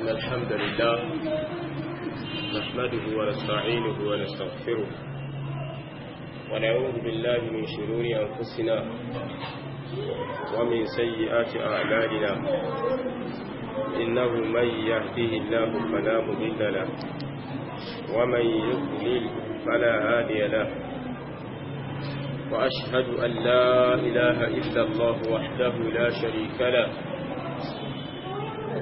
إن الحمد لله نحمده ونستعينه ونستغفره ونعوذ بالله من شرور أنفسنا ومن سيئات أعمالنا إنه من يهديه الله فلا مضل له ومن يضلل فلا هادي له وأشهد أن لا إله إلا الله وحده لا شريك له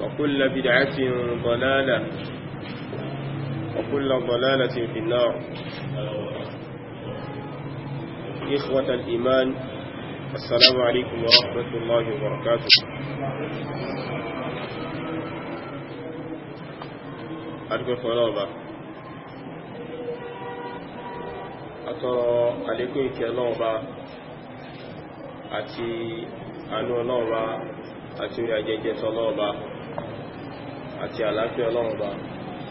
وكل بدعة ضلالة وكل ضلالة في النار إخوة الإيمان السلام عليكم ورحمة الله وبركاته أرجو فلوبا أترى عليكم كلوبا أتي أنو لوبا أتي أجيجة لوبا àti àlàáfíà ọlọ́run bá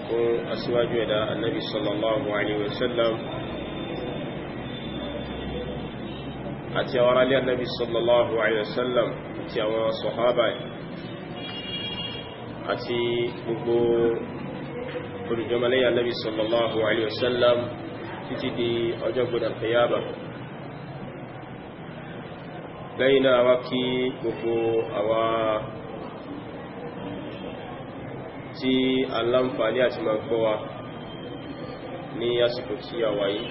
fún aṣíwájú ẹ̀dá annabi sallallahu alaihi wasallam àti àwọn aráalé annabi sallallahu alaihi wasallam àti àwọn sọ̀hábà àti gbogbo olùjọmọlẹ́yà annabi sallallahu alaihi wasallam títí di ọjọ́ gbọdọ̀ kiyama lẹ́yìn náà wá kí gbogbo àwọn tí aláǹfààní àti máa gbọ́ wa ní àsìkò tí a wà yìí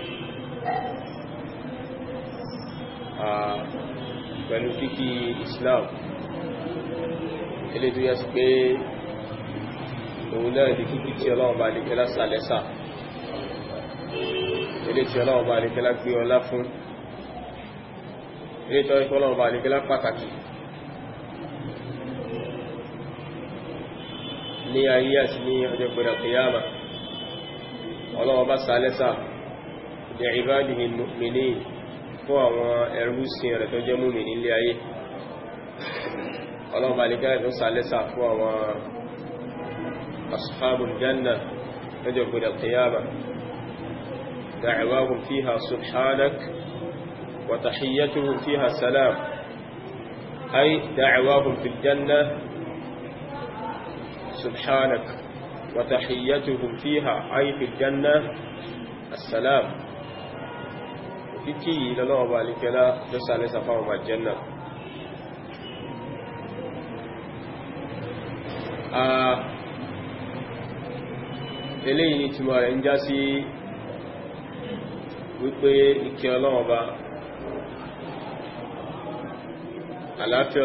pẹ̀lú kíkí Islam ilé tó yẹ sí pé òun náà di kíkí tí ọlọ́run bá lè kẹ́lá sàlẹ́sà ilé tí ọlọ́run bá lè kẹ́lá gbé ọlá fún ilé tí ọlọ́run bá lè kẹ́lá pàtàkì ní ayé àti ní ọjọ́ gbọ́dọ̀ kìyàmà ọlọ́wọ́ bá sálẹ́sà ní ìbádìí mìíní fún àwọn ẹrúsìn rẹ̀ tó jẹ́ múmi nílé ayé ọlọ́wọ́ alìkẹ́ tó sálẹ́sà fún àwọn ashabul janna lọ́jọ́ gbọ́dọ̀ kìyàmà فيها سبحانك وتحيتهم فيها سلام أي دعواهم في الجنة سبحانك وتحيتهم فيها أي الجنة السلام وكي لله بالك لا يسأل سفاهم الجنة eléyìí ni túnmọ̀ rẹ̀ ń já sí wípé ìkẹ́ ọlọ́wọ́ bá àlàáfíà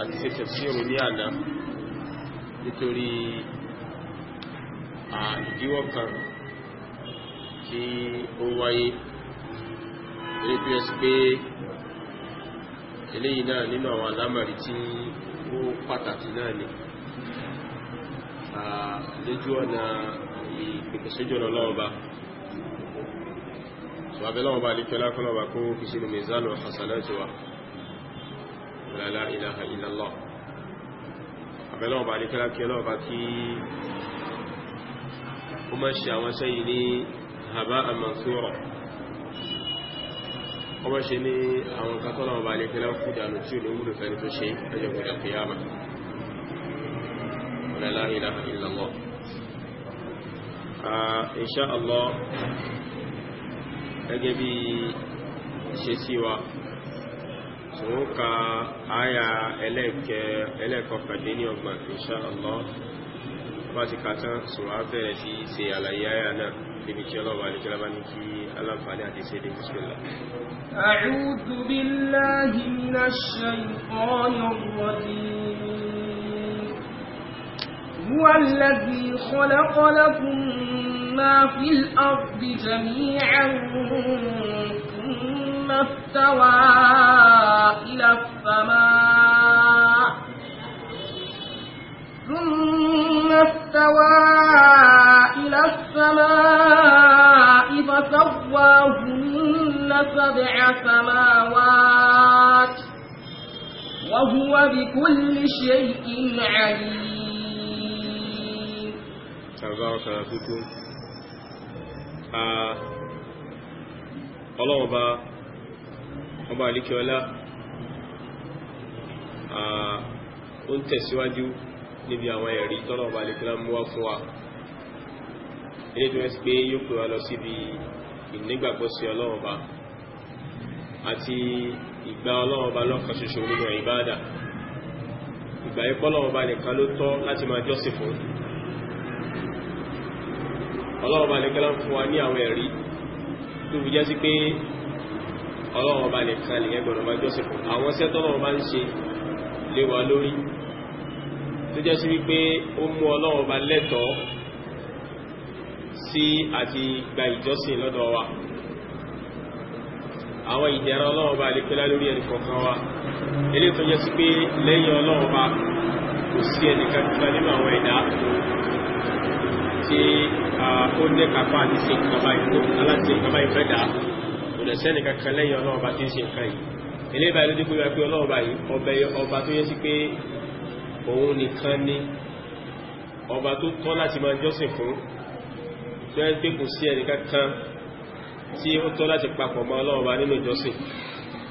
àti ṣe tẹ̀síọ̀rù ní àná nítorí ìdíwọ́ kan tí ó wáyé torí pé ẹsì pé eléyìí náà nínú àwọn alámàrí tí ó pàtàkì náà ni lójú ọ̀nà ìpèkèsójọ́ lọ́wọ́ba ṣùgbọ́n abẹ́lọ́wọ́ba lè fẹ́lá fún kó fi sínú mẹ́zánù hasanatiwa la la ilaha illallah àbẹ̀lọ́ ọba ní kẹ́lá kẹ́lá ọba kí ó mọ́ ṣe àwọn sẹ́yìn ní haba amansura ọmọ ṣe ní àwọn kakọ́lá ọba ní kẹ́lá kú dànù tí ò ní wúlò fẹ́ni tó ṣe ah, sí wa so ó ka àyà ẹlẹ́ẹ̀kẹ́ ẹlẹ́ẹ̀kọkàndínlọ́gbọ̀n insha Allah bá ti ka tán so á bẹ̀rẹ̀ sí ṣe àlàyé àyà náà níbi tí ọlọ́wà àlejò bá ní kí aláǹfààní àti ṣe lè ṣe lọ. ما في الأرض جميعا استوى إلى السماء ثم استوى إلى السماء فسواهن سبع سماوات وهو بكل شيء عليم تبارك ربكم آه. ọlọ́run bá ọba alikiola ó ń tẹ̀síwájú níbi àwọn ẹ̀rí tọ́nà ọba alikiola mú wá fún wa ilé tó wẹ́sí pé yóò pè wá lọ síbi ìnígbàgbọ́ sí ọlọ́run ọba àti ìgbà ọlọ́run ọba lọ́kan ṣoṣo nínú ìbáadà ìgbà ẹ̀kọ́ ọlọ́run nìkan ló tọ́ láti máa jọ́sìn fún ọlọ́run ọba fún wa ní àwọn ẹ̀rí tó fi jẹ́ sí pé ọlọ́run ọba nìkan lè gbọ́dọ̀ máa jọ́sìn fún àwọn iṣẹ́ tọ́lọ́run bá ń ṣe lé wa lórí tó jẹ́ sí wípé ó mú ọlọ́run ọba lẹ́tọ̀ọ́ sí àti gba ìjọ́sìn lọ́dọ̀ wa àwọn ìdẹ̀ra ọlọ́run ọba lè pẹ́lá lórí ẹnì kọ̀ọ̀kan wa eléyìí tó jẹ́ sí pé lẹ́yìn ọlọ́run ọba kò sí ẹnìkan kíkan nínú àwọn ẹ̀dá tí ó ní kápá àti ṣe ìkàbá ìfẹ́ dàá gbọdọ̀ sẹ́ni kankan lẹ́yìn ọlọ́run bá tí ń ṣe nǹkan yìí ilé ìbáyé ló dé pé pé ọlọ́run bá yìí ọba tó yẹ sí pé òun nìkan ni ọba tó tọ́ láti máa jọ́sìn fún tó yẹ pé kò sí ẹni kankan tí ó tọ́ láti papọ̀ mọ́ ọlọ́run bá nínú ìjọsìn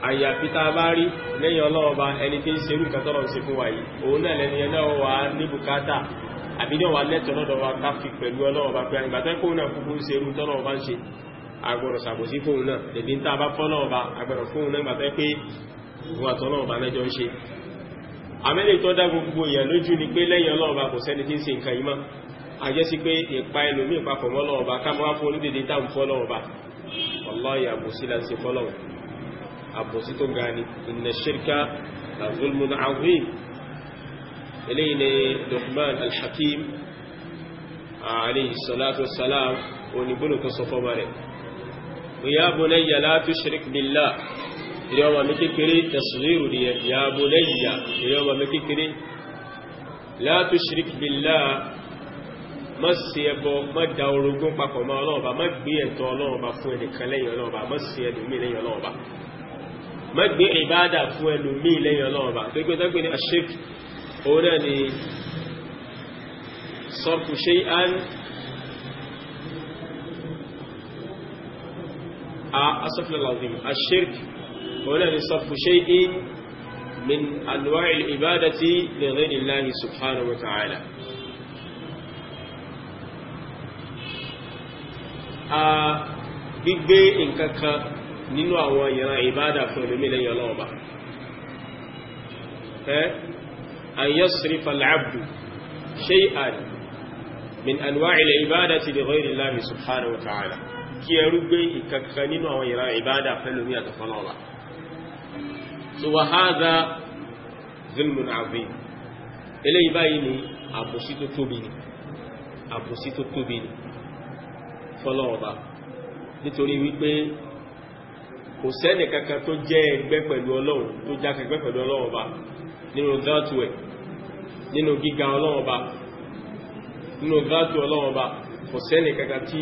àyàfi tá bá rí lẹ́yìn ọlọ́run bá ẹni tí ń ṣerú nǹkan tọ́lọ̀ ń ṣe fún wa yìí òun náà lẹ́ni ẹ̀ náà wà ní bùkátà àbí náà wà lẹ́tọ̀ọ́ lọ́dọ̀ wa ká fi pẹ̀lú ọlọ́run bá pé àgbàtẹ́kùn náà kúkú ń ṣerú tọ́lọ̀ bá ń ṣe agbọ́dọ̀ sàbòsí fóun náà lèbí ń tàbá fọ́nà ọba agbọ́dọ̀ fóun náà gbàtẹ́ pé ìwọ̀n àtọ́nà ọba lẹ́jọ́ ń ṣe àmẹ́lẹ̀ tó dá gbogbo èèyàn lójú ni pé lẹ́yìn ọlọ́ọ̀ba kò sẹ́ni tí ń ṣe nǹkan yìí mọ́ àjẹ́sí pé ìpa ẹlòmí ìpapọ̀ mọ́ lọ́ọ̀ba ká máa fún olódèdè táwọn fọ́lọ́ọ̀ba ọlọ́ọ̀yà àbòsí láti ṣe fọ́lọ́ọ̀ àbòsí tó ga ni pé ya bunayya la tushrik billah ìrẹ́ ọmọ mi kékeré tasghiru ni ya bunayya ìrẹ́ ọmọ mi kékeré la tushrik billah má ṣe ẹbọ má da orogún papọ̀ mọ́ ọlọ́ọ̀bá má gbé ẹ̀tọ́ ọlọ́ọ̀bá fún ẹnìkan lẹ́yìn ọlọ́ọ̀bá má ṣe ẹlòmí lẹ́yìn ọlọ́ọ̀bá má gbé ìbádà fún asọ́fìlẹ̀ lọ́dún aṣírkì wọlé ní sọ́fù ṣe é min anwar ibadati li ghayri Allah subhanahu wa ta'ala a gbígbé nǹkan kan nínú àwọn ìran ìbádà fún olómìnira ọlọ́ọ̀bá أن يصرف العبد شيئا من أنواع العبادة لغير الله سبحانه وتعالى kí ẹrú gbé ìkankan nínú àwọn ìran ìbáadà fẹ́lómi àtọ̀fọ́lọ́wà so wà hádá zulmun azim eléyìí báyìí ni àbòsí tó tóbi ni àbòsí tó tóbi ni fọ́lọ́ọ̀bá nítorí wípé kò sẹ́nì kankan tó jẹ́ ẹgbẹ́ pẹ̀lú ọlọ́run tó já kẹgbẹ́ pẹ̀lú ọlọ́run nínú dáàtù ẹ̀ nínú gíga ọlọ́run nínú dáàtù ọlọ́run kò sẹ́nì kankan tí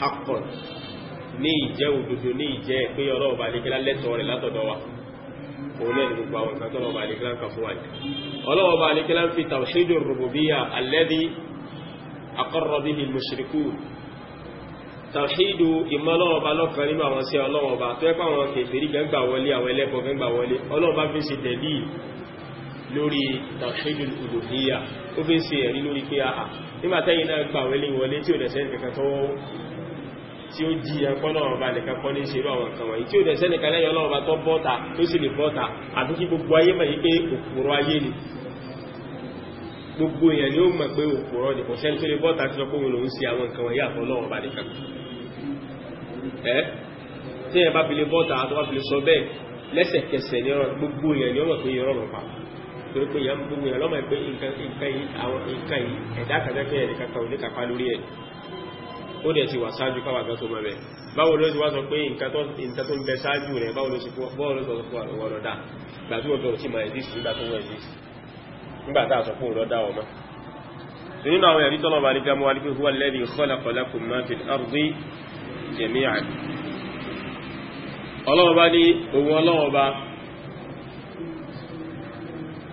haqqan ní ìjẹ́ òdodo ní ìjẹ́ pé ọlọ́run bá lékelá lẹ́tọ̀ọ́ rẹ̀ látọ̀dọ̀ wa òun náà ni gbogbo àwọn ìkan tọ́lọ́run bá lékelá ń kà fún wa yìí ọlọ́run bá lékelá ń fi tawhidur rububiyya alladhi aqarra bihi al-mushrikun tàwíìdù ìmọ́lọ́wọ́ba lọ́kàn nínú àwọn sí ọlọ́wọ́ba tó ẹ́pà àwọn kèfèrí gẹ́gbà wọlé àwọn ẹlẹ́bọ̀ lórí tàwíìdù uluhiyya ó fi ṣe ẹ̀rí lórí pé àà nígbàtẹ́yìn náà gbà wọlé wọlé tí ò tí ó jí ẹ̀kọ́ náà bá nìkan kọ́ ní ṣerú àwọn nǹkan wọ̀nyí tí ó dẹ̀ sẹ́nìkan lẹ́yìn ọlọ́run bá tọ́ bọ́ta tó sì lè bọ́ta àti kí gbogbo ayé mọ̀ yí pé òkúrọ̀ ayé ni gbogbo èèyàn ni ó mọ̀ pé òkúrọ̀ ni kò sẹ́ni tó lè bọ́ta tí ọkọ̀ òun sí àwọn nǹkan wọ̀nyí àtọ́ ọlọ́run bá nìkan ẹ́ tí ẹ bá fi lè bọ́ta tó bá fi lè sọ bẹ́ẹ̀ lẹ́sẹ̀kẹsẹ̀ ni gbogbo èèyàn ni ó mọ̀ ó dẹ̀ ti wà sáájú káwà gan tó mẹ́rẹ̀ báwo ló ti wá sọ pé nǹkan tó ń bẹ sáájú rẹ̀ báwo ló sọ fún àwọn ọ̀dá gbàtí ó bẹ̀rẹ̀ tí ma exist nígbà tó wọ́n exist nígbà tá a sọ fún ọ̀dá ọmọ nínú àwọn ẹ̀rí tọ́lọ̀ bàrí gamu alifin huwa alladhi khalaqa lakum ma fil ardi jami'an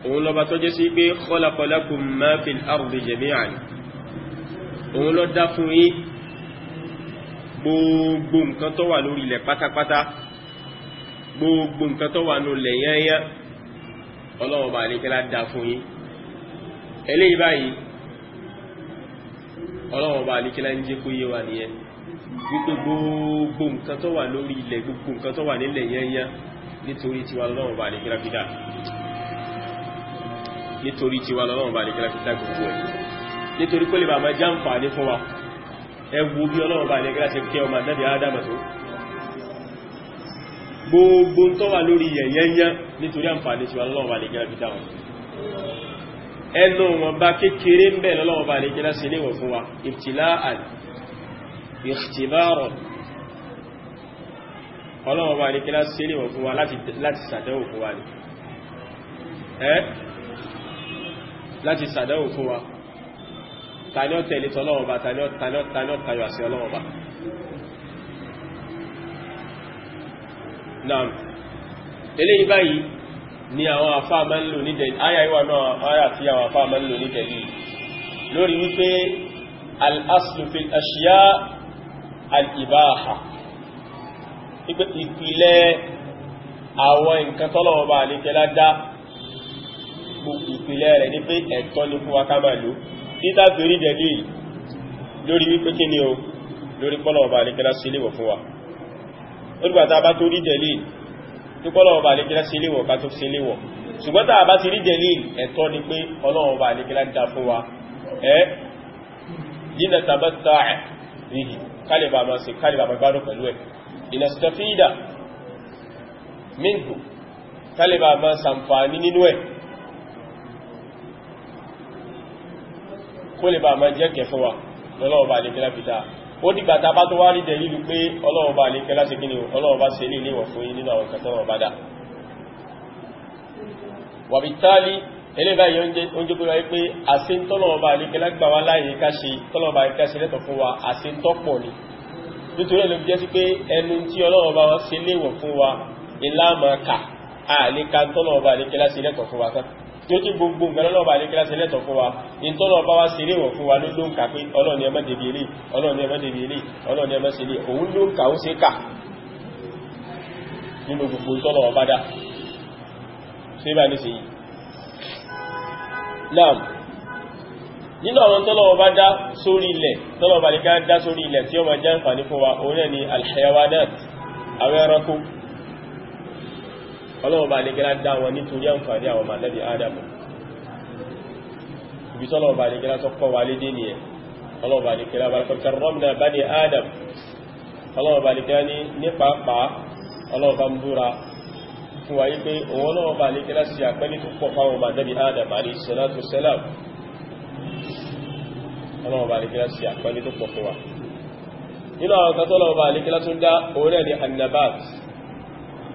ọlọ́ọ̀bá ní sí pé khalaqa lakum ma gbogbo nǹkan tó wà lórí ilẹ̀ pátápátá gbogbo nǹkan tó wà ní ilẹ̀ yányá ọlọ́wọ́ bá ní kẹ́lá dá fún yín eléyìí báyìí ọlọ́wọ́ bá ní kẹ́lá ń jẹ́ kó gbogbo nǹkan tó wà gbogbo nǹkan tó wà nílẹ̀ tiwa lọ́wọ́ bá ní kẹ́lá fi dá nítorí tiwa gbogbo ẹ̀ ẹgbù bí ọlọ́run bá ilẹ̀ gíláṣẹ́ kí ọmọ àdábì Ádámà tó gbogbo tó wà lórí yẹ̀yẹ́yẹ́ nítorí àǹfààní tí wà lọ́wọ́ bá lè gílá fi dáwọn ẹnu wọn bá kékeré ń bẹ̀ lọ́wọ́ bá lè gílá sí léwọ̀ fún wa ibtilaan ikhtibaran tani ó tẹ̀lé tọ́lọ́wọ́ bá tani ó tayọ àṣẹ ọlọ́wọ́ bá náà eléyìí báyìí ni àwọn àfá máa ń lò ní dẹ̀lì ayà ìwà náà ayà tí àwọn àfá máa ń lò ní dẹ̀lì lórí wípé al-aslu fil ashiya al-ibaha ìpìlẹ̀ àwọn nǹkan tọ́lọ́wọ́ bá àlékẹ́lá dá ìpìlẹ̀ rẹ̀ ní pé ẹ̀tọ́ ní fún wa ká máa lò títà fèrí dẹ̀lì lórí wípé kí ni o lórí pọ́lọ̀ ọba àlékẹ́lá sí léwọ̀ fún wa olùgbàtà bá tó rí dẹ̀lì tí pọ́lọ̀ ọba àlékẹ́lá sí léwọ̀ ká tó sí léwọ̀ ṣùgbọ́n tá bá ti rí dẹ̀lì ẹ̀tọ́ ni pé ọlọ́run ọba àlékẹ́lá dá fún wa ẹ́ yína tàbátà ríhì kálíbà máa ṣe kó lè bá ma jẹ́ kẹ fún wa lọ́lọ́ọ̀bá àlékẹ́lá fìdá ó dìgbà tá bá tó wá rí dẹ̀lú pé ọlọ́ọ̀bá àlékẹ́lá ṣe kíni ọlọ́ọ̀bá ṣe lè léwọ̀ fún yí nínú àwọn kẹtọ́rọ̀ bá dá wàbítálí ẹlẹ́bàá yẹn oúnjẹ kó wáyé pé àṣíntọ́lọ́ọ̀bá àlékẹ́lá gbà wá láyé ká ṣe tọ́lọ́ọ̀bá àlékẹ́lá tí ó kí gbogbo nǹkan lọ́lọ́ba àríkílá sí lẹ́tọ̀ fún wa in tọ́lọ̀ bá wá sí léwọ̀ fún wa ló ló ń kà pé ọlọ́ni ẹmọ́ dèbì eré ọlọ́ni ẹmọ́ dèbì eré ọlọ́ni ẹmọ́ sí lé òun ló ń kà ó sí kà nínú gbogbo tọ́lọ̀ ọba dá sí bá ní sí yìí náà nínú àwọn tọ́lọ̀ ọba dá sórí ilẹ̀ tọ́lọ̀ ọba àríkílá dá sórí ilẹ̀ tí ó máa jẹ́ àǹfààní fún wa òun náà ni alhayawanat àwọn ẹranko ọlọ́wọ́ bá lè gẹ́lá dá wọn nítorí àǹfààní àwọn màlẹ́bí Ádámù ibi tọ́lọ́wọ́ bá lè gẹ́lá tó kọ́ wà lédé ni ẹ̀ ọlọ́wọ́ bá lè gẹ́lá bá lè karramna bani Ádámù ọlọ́wọ́ bá lè gẹ́lá ní pàápàá ọlọ́wọ́ bá ń búra fún wa wípé òun ọlọ́wọ́ bá lè gẹ́lá sí àpẹ́lẹ́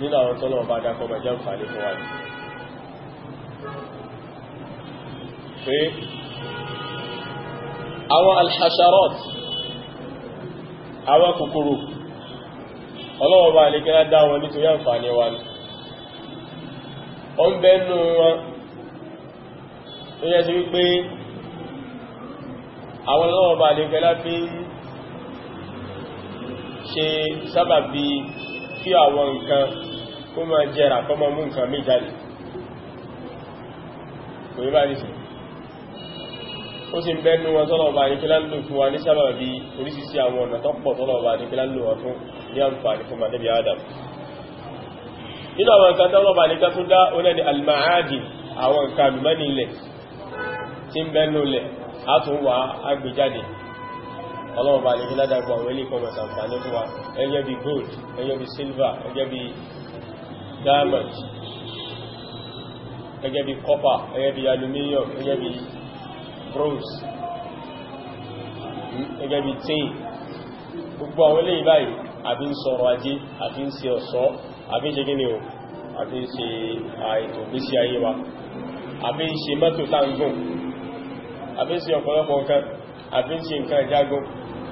nínú àwọn tọ́lọ̀ ọba dákọ́ bá jẹ́ àǹfààní fún wa ní pé àwọn alhasharot àwọn kòkòrò ọlọ́wọ́ bá lè kẹ́lá dá wọn nítorí àǹfààní wa ní ọ ń wọn tó yẹ́ sí wípé àwọn ọlọ́wọ́ bá lè kẹ́lá fi ṣe sábàbí kí àwọn nǹkan kó ma jẹrà kọ́ ma mú nǹkan mí jáde kò yí bá ní sí ó sì ń bẹ́nu wọn tọ́lọ̀bà ní kí lálò fún wa ní sábà bí orísìsí àwọn ọ̀nà tọ́pọ̀ tọ́lọ̀bà ní kí lálò wọn fún ní àǹfààní fún mọ̀lẹ́bí adam nínú àwọn nǹkan tọ́lọ̀bà ní ká tún dá orílẹ̀-èdè almahadi àwọn nǹkan àlùmọ́nì ilẹ̀ tí ń bẹ́nu ilẹ̀ á tún wà á gbé jáde ọlọ́ọ̀bá lè fi ládàgbà àwọn ilé ìkọmọ̀ sàǹfàní fún wa ẹgẹ́ bí gold ẹgẹ́ bí silver ẹgẹ́ bí diamond ẹgẹ́ bí copper ẹgẹ́ bí aluminium ẹgẹ́ bí bronze ẹgẹ́ bí tin gbogbo àwọn ilé ìbáyìí àbí ń sọ̀rọ̀ ajé àti ń ṣe ọ̀ṣọ́ àbí ń ṣe gíní o àbí ń ṣe àìtò bí sí ayé wa àbí ń ṣe mọ́tò táǹgùn àbí ń ṣe ọ̀pọ̀lọpọ̀ nǹkan àbí ń ṣe nǹkan ìjágún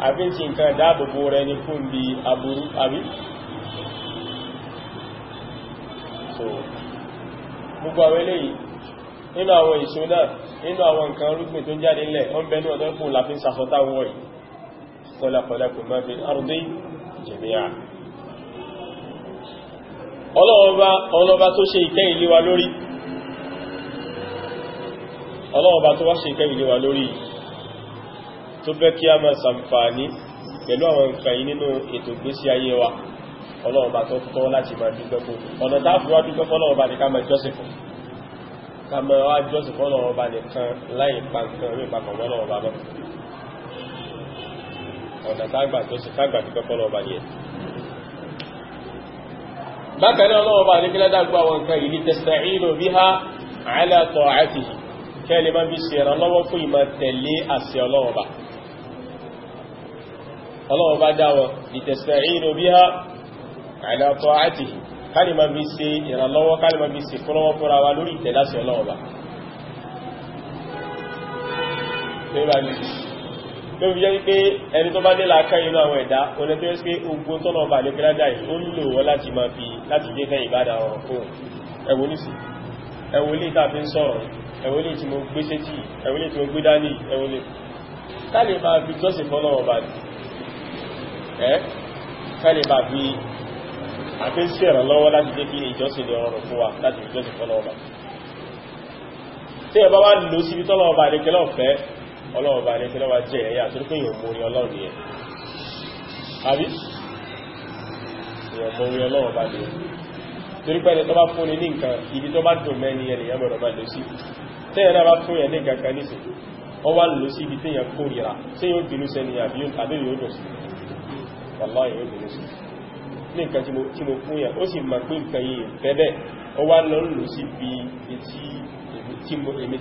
àbí ti nǹkan dáàbòbò rẹ ní fún bí aburú so gbogbo àwọn eléyìí nínú àwọn èso náà nínú àwọn nǹkan olúgbìn tó jáde nílẹ̀ wọ́n bẹ ní ọ̀dọ́ fún láfin sàfọ́tà wọ́n yìí kọlakọlakùn máa fi ardi jẹ̀míà ọlọ́ọba tó ṣe ìkẹ́ ìléwa lórí ọlọ́ọba tó wá ṣe ìkẹ́ ìléwa lórí tó fẹ́ kí a máa sàǹfààní pẹ̀lú àwọn nǹkan yìí nínú ètò ìgbésí ayé wa ọlọ́ọ̀bá tó tọ́ láti máa dúpẹ́ fún ọ̀nà táàfíwá dúpẹ́ fọ́lọ́ọ̀bá ní ká máa jọ́sìn fún ká máa wá jọ́sìn fọ́lọ́ọ̀bá nìkan láì pa nǹkan rí papọ̀ mọ́lọ́ọ̀bá náà ọ̀nà tágbà jọ́sìn kágbà dúpẹ́ fọ́lọ́ọ̀bá ni ẹ̀ bákan náà ọlọ́ọ̀bá ní ọlọ́wọ́ bá dá wọn ìtẹ̀sẹ̀rìn òbí ha àìdàtọ̀ àti kálìmà bí ṣe ìrànlọ́wọ́ kálìmà bí ṣe fọ́lọ́wọ́ fọ́ra wa lórí ìtẹ̀láṣẹ ọlọ́wọ́ bá fi ń sọ̀rọ̀ ẹwọ tí mo gbé sétí ẹwọ tí mo gbé dání ẹwọ ilé lè máa fi jọ́sìn fọ́nà ọba ní ẹ́ kẹ́lẹ̀ bá fi àfin sí ìrànlọ́wọ́ láti jẹ́ kí ìjọsìn lè rọrùn fún wa láti ìjọsìn fọ́nà ọba tí ẹ bá wá lò síbi tọ́lọ ọba àdékẹ́lọ́ fẹ́ ọlọ́run ọba àdékẹ́lọ́ wa jẹ́ ẹ̀yà tó pé yóò mórí ọlọ́run yẹn àbí yóò mórí ọlọ́run ọba lè torí pé ẹni tó bá fún ni ní nǹkan ibi tó bá dùn mẹ́ni ẹni yẹn gbọ́dọ̀ máa lò sí tẹ́yẹ̀ náà bá fún yẹn ní nǹkan kan nísìn wọ́n wá lò sí ibi téèyàn kórìíra tí yóò bínú sẹ́ni àbí yóò dùn wàlá ìwé ìdílé sí ní nǹkan tí mo fún yẹn ó sì mọ̀ pé nǹkan yìí bẹ́bẹ̀ ó wá lọ lò sí bí èmi tí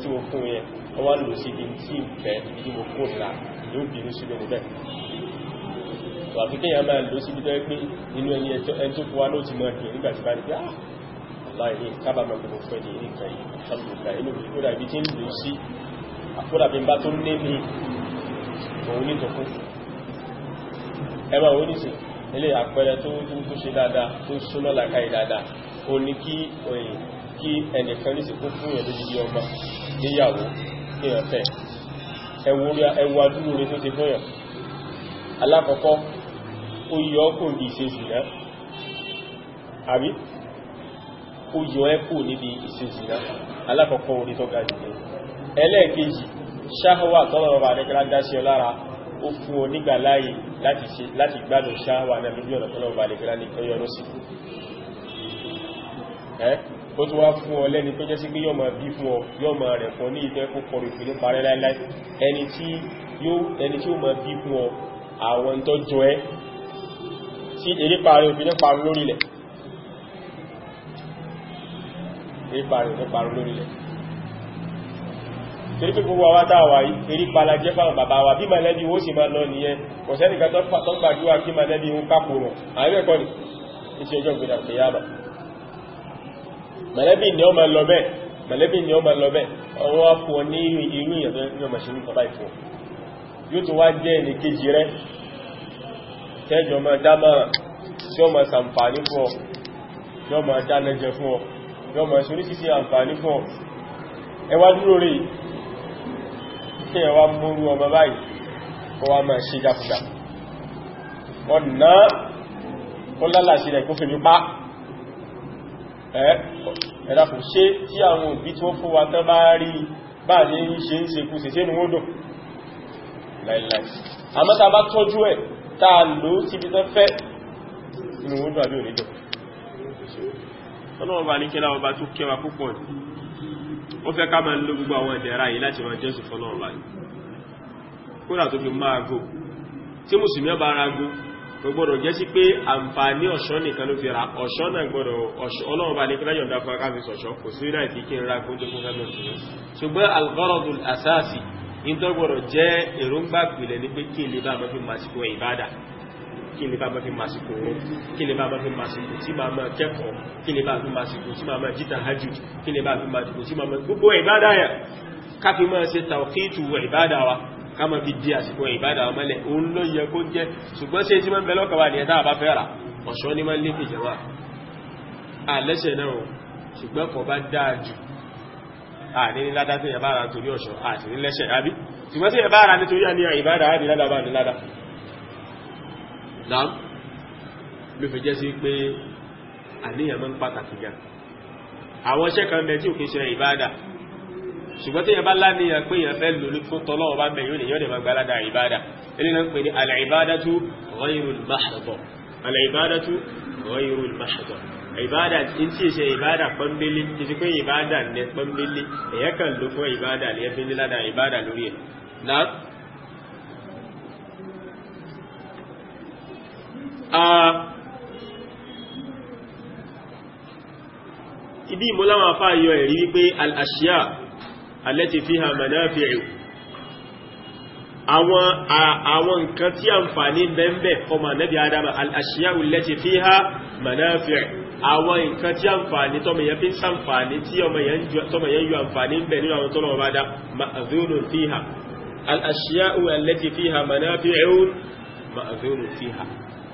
mo fún yẹn ó wá lò sí bí tí ìfẹ́ ibi tí mo fún ìlà yóò bínú síbẹ̀ níbẹ̀ wàfi kéèyàn máa lò sí bí tọ́ pé inú ẹni ẹni tó fúwa ló ti mọ̀ dùn nígbà tí bá ní pé ah láì ní ẹni nǹkan yìí inú mi ibi tí ń lò sí àkódà bí n bá tó ní ní òun ní tó ẹmà oníṣì ilé àpẹẹrẹ tó tó ṣe dáadáa tó súnmọ́ làkàí dáadáa o ní kí òyìn kí ẹnìkan ní sìnkú fún ìyẹ̀ lójúdí ọmọ níyàwó ní ọ̀fẹ́ ẹwú adúrú rẹ tó ti fún yàn alákọ̀ọ́kọ́ ó yọ kò ní ìṣesì náà àbí ó yọ ẹ́ kò níbi ìṣesì alákọ̀ọ́kọ́ orí tó ga jù ó fún ọ nígbà láàyè láti gbádùn ṣáwà náà lójú ọ̀nà tọ́lọ̀ bá lè gbára ní kọ́yọ́ ló sì ó tún wá fún ọ lẹ́ni tó jẹ́ sí pé yọ́ ma bí fún ọ yọ́ ma rẹ̀ fún ní ìfẹ́ kó kọrù ìfìlé parẹ́ láìláì ma bí fún ọ àwọn tó jọ ẹ́ tí eré parí òfìlé parun torí pé gbogbo àwátá wà eré palajẹ́ fáwọn bàbá wa bí mọ̀lẹ́bí ó sì máa lọ nìyẹn kò sẹ́nìkan tó gbàdúwà kí mọ̀lẹ́bí ó kápò rọ̀ àríwẹ̀kọ́ ni iṣẹ́ ọjọ́ gbìdà kìyàmà mọ̀lẹ́bí ni ó máa lọ bẹ́ẹ̀ mọ̀lẹ́bí ni ó máa lọ bẹ́ẹ̀ ọwọ́ fún ọ ní irú ìyẹ̀tọ́ ní ọmọ ṣe ní kọba ìfún ẹwà dúró rèé kí ẹ wá múrú ọmọ báyìí kó wá máa ṣe jáfúgá ọ̀nà ó lálàṣí rẹ̀ kó fèmí pá ẹ̀dàkù ṣe tí àwọn òbí tó fún wa tán bá rí bá ní ṣe ń ṣe kú sí sínú ó dùn láìláì àmọ́ta bá tọ́jú ẹ̀ táà lò síbi tán fẹ́ inú ó dùn àbí òní dùn ọlọ́wọ́ ní kẹ́lá ọba tó kẹwàá púpọ̀ wọ́n fẹ́ ká máa ń lo gbogbo àwọn ìdẹ̀ra yìí láti máa a fọ́lọ́run báyìí kódà tó fi máa gò tí mùsùlùmí ọba ara gò kò gbọ́dọ̀ jẹ́ sí pé àǹfààní ọ̀ṣọ́ nìkan ló fi ra ọ̀ṣọ́ náà gbọ́dọ̀ ọlọ́run ní kí láyọ̀ fi sọ̀ṣọ́ kí ni bá máa fi màsìkò oorun kí ni bá máa fi màsìkò tí máa máa kẹ́kọ̀ọ́ kí ni bá fi màsìkò tí máa máa jíta hajj kí ni bá fi màsìkò tí máa máa gbogbo ìbádà yà káfí máa ṣe tàwọ̀kítù ìbádà wa ká máa fi di àsìkò ìbádà wa mọ́lẹ̀ òun ló yẹ kó jẹ́ ṣùgbọ́n ṣe tí máa ń bẹ lọ́kàn wa nìyẹn tá a bá fẹ́ rà ọ̀ṣọ́ ni máa ń lé ìjọba àlẹ́ṣẹ̀ náà ṣùgbọ́n kò bá dáa jù àní ní ládá tí ẹ̀bára torí ọ̀ṣọ́ àti nítorí àníyàn ìbádà á bá ní náà ló fi jẹ́ sí pé àníyàn mọ́ ń pàtàkì gan àwọn iṣẹ́ kan bẹ tí ò kí ṣe ìbáadà ṣùgbọ́n tí yẹn bá láníyàn pé yẹn fẹ́ lò ní fún tọ́lọ́wọ́ bá bẹ̀yìn òní yọ́dẹ̀ máa gbáládà ìbáadà ilé náà ń pè ní al-ibadatu ghayrul mahdha al-ibadatu ghayrul mahdha ìbáadà ibi ìmúláwà fáyọ ẹ̀rí wípé al'ashiya alẹ́ti fi hàn manafi'u àwọn àwọn nǹkan tí àǹfààní bẹ́ẹ̀bẹ̀ ọmọ nẹ́bí adama al'ashiya alẹ́ti fi ha manafi'u àwọn nǹkan tí àǹfààní tọ́mọ̀ yẹn fi ń sàǹfààní tí ọmọ yẹn yọ àǹfààní bẹ̀ nínú àwọn tọ́lọ̀ bá dá ma'azunun fi ha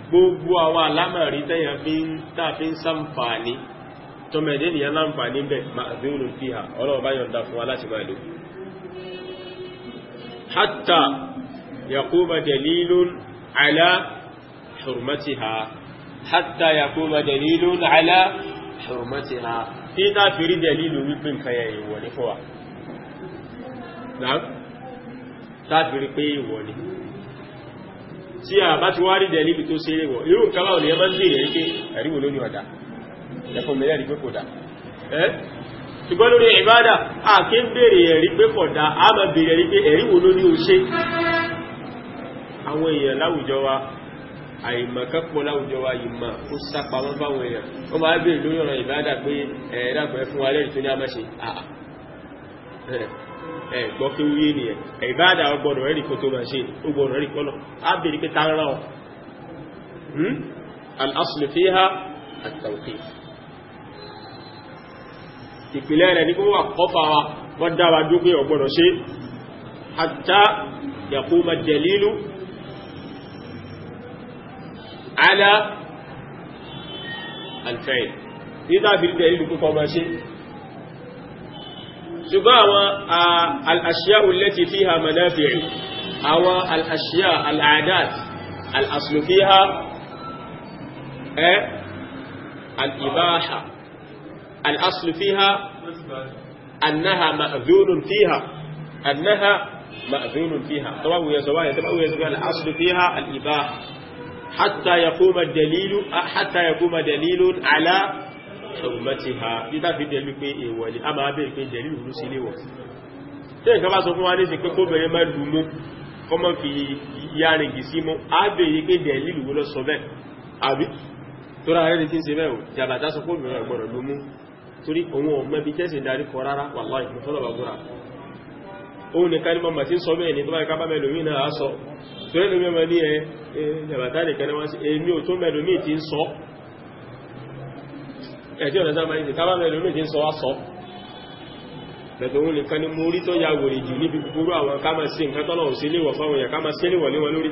gbogbo àwọn alámàrí tẹ́yàn fi ń tàbí ń sàǹfààní tó mẹ́dé nìyàn láǹfààní bẹ̀ ma'azúrù fi hà ọlọ́wọ́ bá yọ̀nda fún aláti máa lò hatta yaquma dalilun ala hurmatiha hatta yaquma dalilun ala hurmatiha tí tàbí rí dalilu wípé nǹkan tí a bá ti wárí dẹ̀ níbi tó ṣe é wọ̀ irú nǹkan báwọn èèyàn máa ń dèrè ẹ́ pé ẹ̀ríwò lónìí ọ̀dà ẹ̀fọ́ mẹ́rẹ̀ rí pé kò dà ẹ́ ṣùgbọ́n lórí ìbádà a kí ń bèèrè ẹ̀rí pé kò dà á máa bèèrè ẹ̀rí pé ẹ̀ríwò lónìí ò ṣe àwọn èèyàn láwùjọ wa àìmọ̀kẹ́pọ̀ láwùjọ wa yìí ma ó sápa wọn báwọn èèyàn wọ́n máa bèèrè lórí ọ̀rọ̀ ìbádà pé ẹ̀ẹ́dàgbẹ́ fún wa lẹ́rìí tó ní ẹ̀ eh, gbọ́ kí wúyé nìyẹn ìbáàdà ọgbọ̀nà rẹ̀ kò tó máa ṣe ọgbọ̀nà rẹ̀ kọ́nà á bèèrè pé tààrà ọ̀ hmm? al-aslu fiha at-tawqif ìpìlẹ̀ rẹ̀ ní kó wà kọ́fà wa wọ́n dá wa dúpé ọgbọ̀nà ṣe ṣùgbọ́n àwọn al'ashiya ulẹ́ti fi ha manafi'i àwọn al'ashiya al'adat al'aslufiha eh al'ibaha al'aslufiha annaha ma'zunun fiha annaha ma'zunun fiha tọba wuyan sọ wáyé tọba wuyan sọ wáyé al'aslufiha al'ibaha hatta ya kuma dalilun ala ṣọ̀gbùmọ́tí ha títà fi dẹ̀ wípé èèwọ̀ ni a máa bèèrè pé jẹ̀rí ìlú sí léwọ̀ tí nǹkan bá sọ fún wa ní sí pé kóbìnrin má lù mú kọmọ fi yárìngì sí a bèèrè pé jẹ̀rí ìlú sọ bẹ́ẹ̀ o jàbàtà sọ kóbìnrin ọgbọ̀rọ̀ ló mú torí òun ọmọ ibi tẹ́sì darí kọ rárá wàláhì ìmú tọ́lọ̀bà gbọ́ra òun nìkan ní mọ́mà tí ń sọ bẹ́ẹ̀ ni tó bá kábà mẹ́lòmí náà á sọ torí lómi ọmọ ní ẹ jàbàtà nìkan ní wọ́n sí èmi ò tó mẹ́lòmí ti ń sọ ẹ̀jọ́ ọ̀nà sáàmà ìsìn kábàmà ẹlòmí ti ń sọ wá sọ bẹ̀tọ̀ òun nìkan ni mo rí tó ya wòrì jù níbi gbogbo àwọn kámà sí nǹkan tọ́lọ̀ ò sí léwọ̀ fáwọn èèyàn kámà sí léwọ̀ léwọ̀ lórí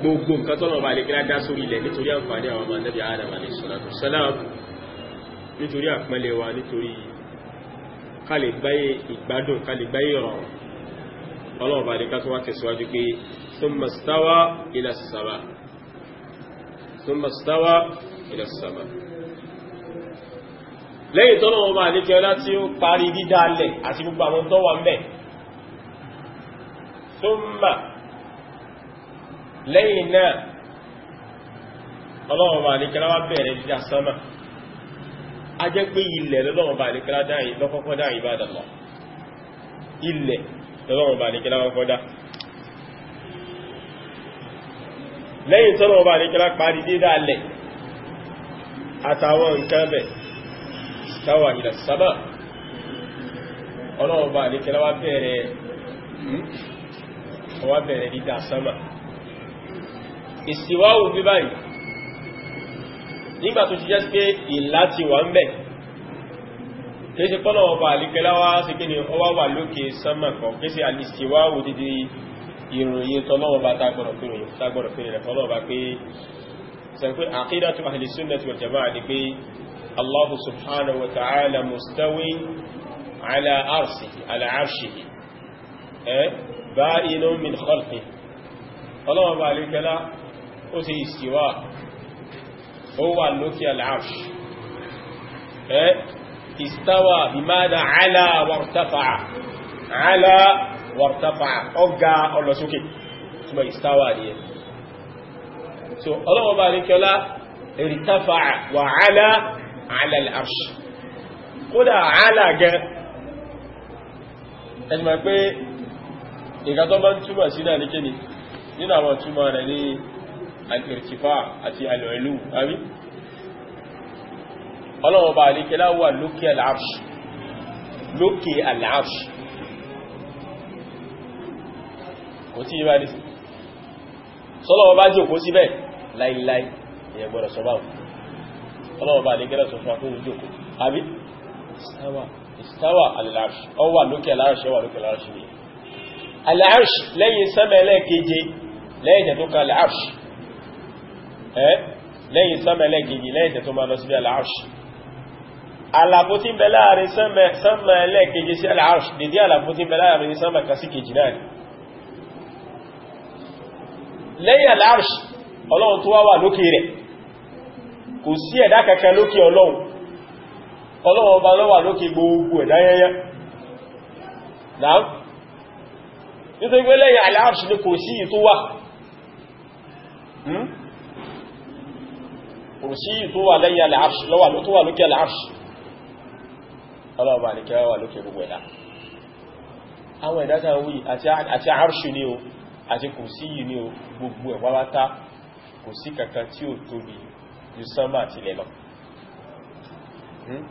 gbogbo nǹkan tọ́lọ̀ bá lè kíra dá sórí ilẹ̀ nítorí àǹfààní àwọn ọmọ Ànábì Adam alayhi salatu wassalam nítorí àpẹẹlẹ wa nítorí kálẹ̀gbáyé ìgbádùn kálẹ̀gbáyé rọrùn ọlọ́run bá lè ká tó wá tẹ̀síwájú pé thumma stawa ila lẹ́yìn náà ọlọ́ọ̀bà àríkẹ́lá wá bẹ̀rẹ̀ dídá sánmà a jẹ́ pé ilẹ̀ lọ́lọ́ọ̀bà àríkẹ́lá dáyìn lọ́kọ́kọ́ dá ìbádàlá ilẹ̀ lọ́lọ́ọ̀bà àríkẹ́lá kọ́kọ́ dá lẹ́yìn tọ́lọ́ọ̀bà àríkẹ́lá parí dídá lẹ̀ àtàwọn nǹkan bẹ̀ táwà ilẹ̀ sábà ọlọ́ọ̀bà àríkẹ́lá hmm, wá bẹ̀rẹ̀ dídá sánmà ìsìwáwò bí báyìí nígbà tó ṣiṣẹ́ sí pé ìlà ti wà ń bẹ̀ kéèsì pọ́nà ọba àlíkẹ́láwá sí kí ni ọwá wà lókè sánmà kan kéèsì àlìsìwáwò dídí ìròyìn tọ́lọ́ọba tágbọ̀rọ̀ pé rẹ̀ fọ́lọ́ọba pé sẹ́pẹ́ àkídàtù ahli sunnati wal jama'a ni pé Allahu subhanahu wa ta'ala ó ṣe ìsìwà ó wà lókè al-arsh ẹ́ ìstáwà bí máa dá ala wartafa'a ala wartafa'a ọgá ọlọ́sókè túnbọ̀ ìstáwà ní ẹ so ọlọ́wọ́ bá ní kọlá irtafa'a wà ala ala al-arsh kódà ala gẹ ẹjùmọ̀ pé ìgbàtọ́ bá ń túnbọ̀ sí náà ní kíni nínú àwọn túnmọ̀ rẹ̀ ní alìrìkìfà àti alìrìlú àbí ọlọ́wọ́ bá alékẹ́lá wà lókè aláàṣì lókè aláàṣì kò tí ibá nìsí sọ́lọ́wọ́ bá jòkó síbẹ̀ láìláì ẹ̀yẹ gbọ́dọ̀ sọ báwọn ọlọ́wọ́ bá alékẹ́lá sọ fún akóhun jòkó àbí istawa istawa aláàṣì ó wà lókè aláàṣì ó wà lókè aláàṣì ni aláàṣì lẹ́yìn sẹ́mẹ̀lẹ́ keje lẹ́yìn tó ẹ́ lẹ́yìn sánmà ẹlẹ́kejì lẹ́yìn tẹ̀ tó lọ sí aláàṣì àlàfo tí ń bẹ láàrin sí aláàṣì dédé àlàfo tí ń bẹ láàrin sí kejì náà lẹ́yìn ọlọ́run tó wà lókè rẹ̀ kò sí ẹ̀dá lókè ọlọ́run kùrùsí tó wà lẹ́yìn alẹ́ arṣ lọ́wà tó wà lókè alẹ́ arṣ ọlọ́ọ̀bà ní kẹwàá lókè gbogbo ẹ̀dá àwọn ẹ̀dá tàà wí àti arṣ ní o àti kùrùsí yìí ní o gbogbo ẹ̀ wáwátá kò sí kankan tí ó tóbi ju sánmà àti ilẹ̀ hmm?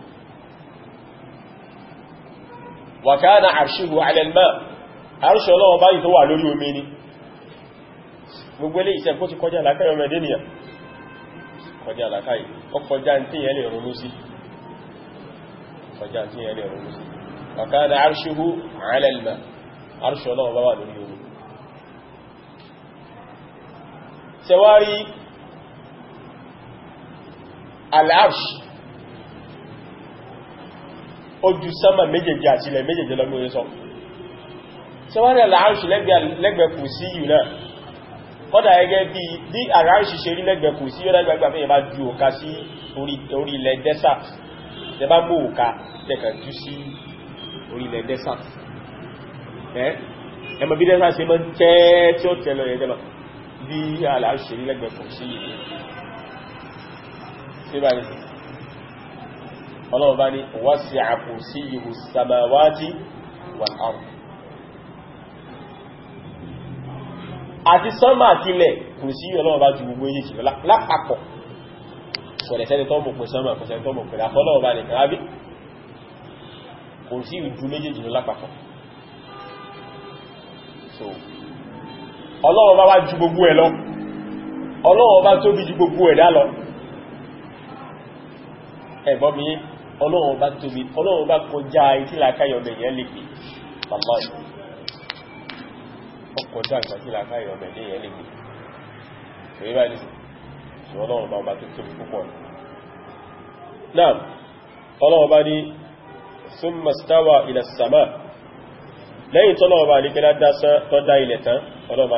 gbogbo eléyìí ṣe kó ti kọjá lákẹ́yọmẹ́dẹ́nìyàn kọjá làkáyì ó kọjá tí yẹn lè ronú sí kọjá tí yẹn lè ronú sí wàkánà arṣuhu alẹ́lmà arṣu ọlọ́wọ́ bá wà lórí omi tẹwárí al'arṣ ojú sánmà méjèèjì àti ilẹ̀ méjèèjì lọ́gbọ́n sọ tẹwárí al'arṣ lẹ́gbẹ̀ẹ́ kù sí yìí náà kọ́dà gẹ́gẹ́ bí bí àrá ìṣiṣẹ́ orí lẹ́gbẹ̀ẹ́ kù sí yọ́dá gbàgbà fẹ́yẹ̀ bá ju òka sí orí ilẹ̀ desert tẹ bá mú òka tẹ̀kà jù sí orí ilẹ̀ desert ẹ́ ẹmọ bí desert ṣe mọ́ tẹ́ tí ó tẹ̀lọ yẹ dẹ́mà bí àrá ìṣiṣẹ́ orí lẹ́gbẹ̀ẹ́ kù sí àti sánmà àti ilẹ̀ kò sí ọlọ́run bá ju gbogbo èyí lápapọ̀ kọ̀lẹ̀sẹ́ni tó mọ̀ pẹ̀ sánmà kọ̀lẹ̀sẹ́ni tó mọ̀ pẹ̀lẹ̀ àfọ́lọ́run bá lè kàrá bí kò sí ìjú méjèèjì ló lápapọ̀ ọlọ́run bá wá ju gbogbo ẹ̀ lọ ọlọ́run bá tóbi ju gbogbo ẹ̀dá lọ ẹ̀gbọ́n mi ọlọ́run kọjá etí làákàyọ̀ lè pè pàmò kọjá nǹkan tí làákà ìrọmọ ẹ̀dẹ́ yẹn lè gbé èyí bá nìsí ṣùgbọ́n ọlọ́run bá ọba tó tóbi púpọ̀ náà ọlọ́run bá ní summa stawa ila sama lẹ́yìn tó lọ́wọ́ bá alékẹ́lá dásán tó dá ilẹ̀ tán ọlọ́wọ́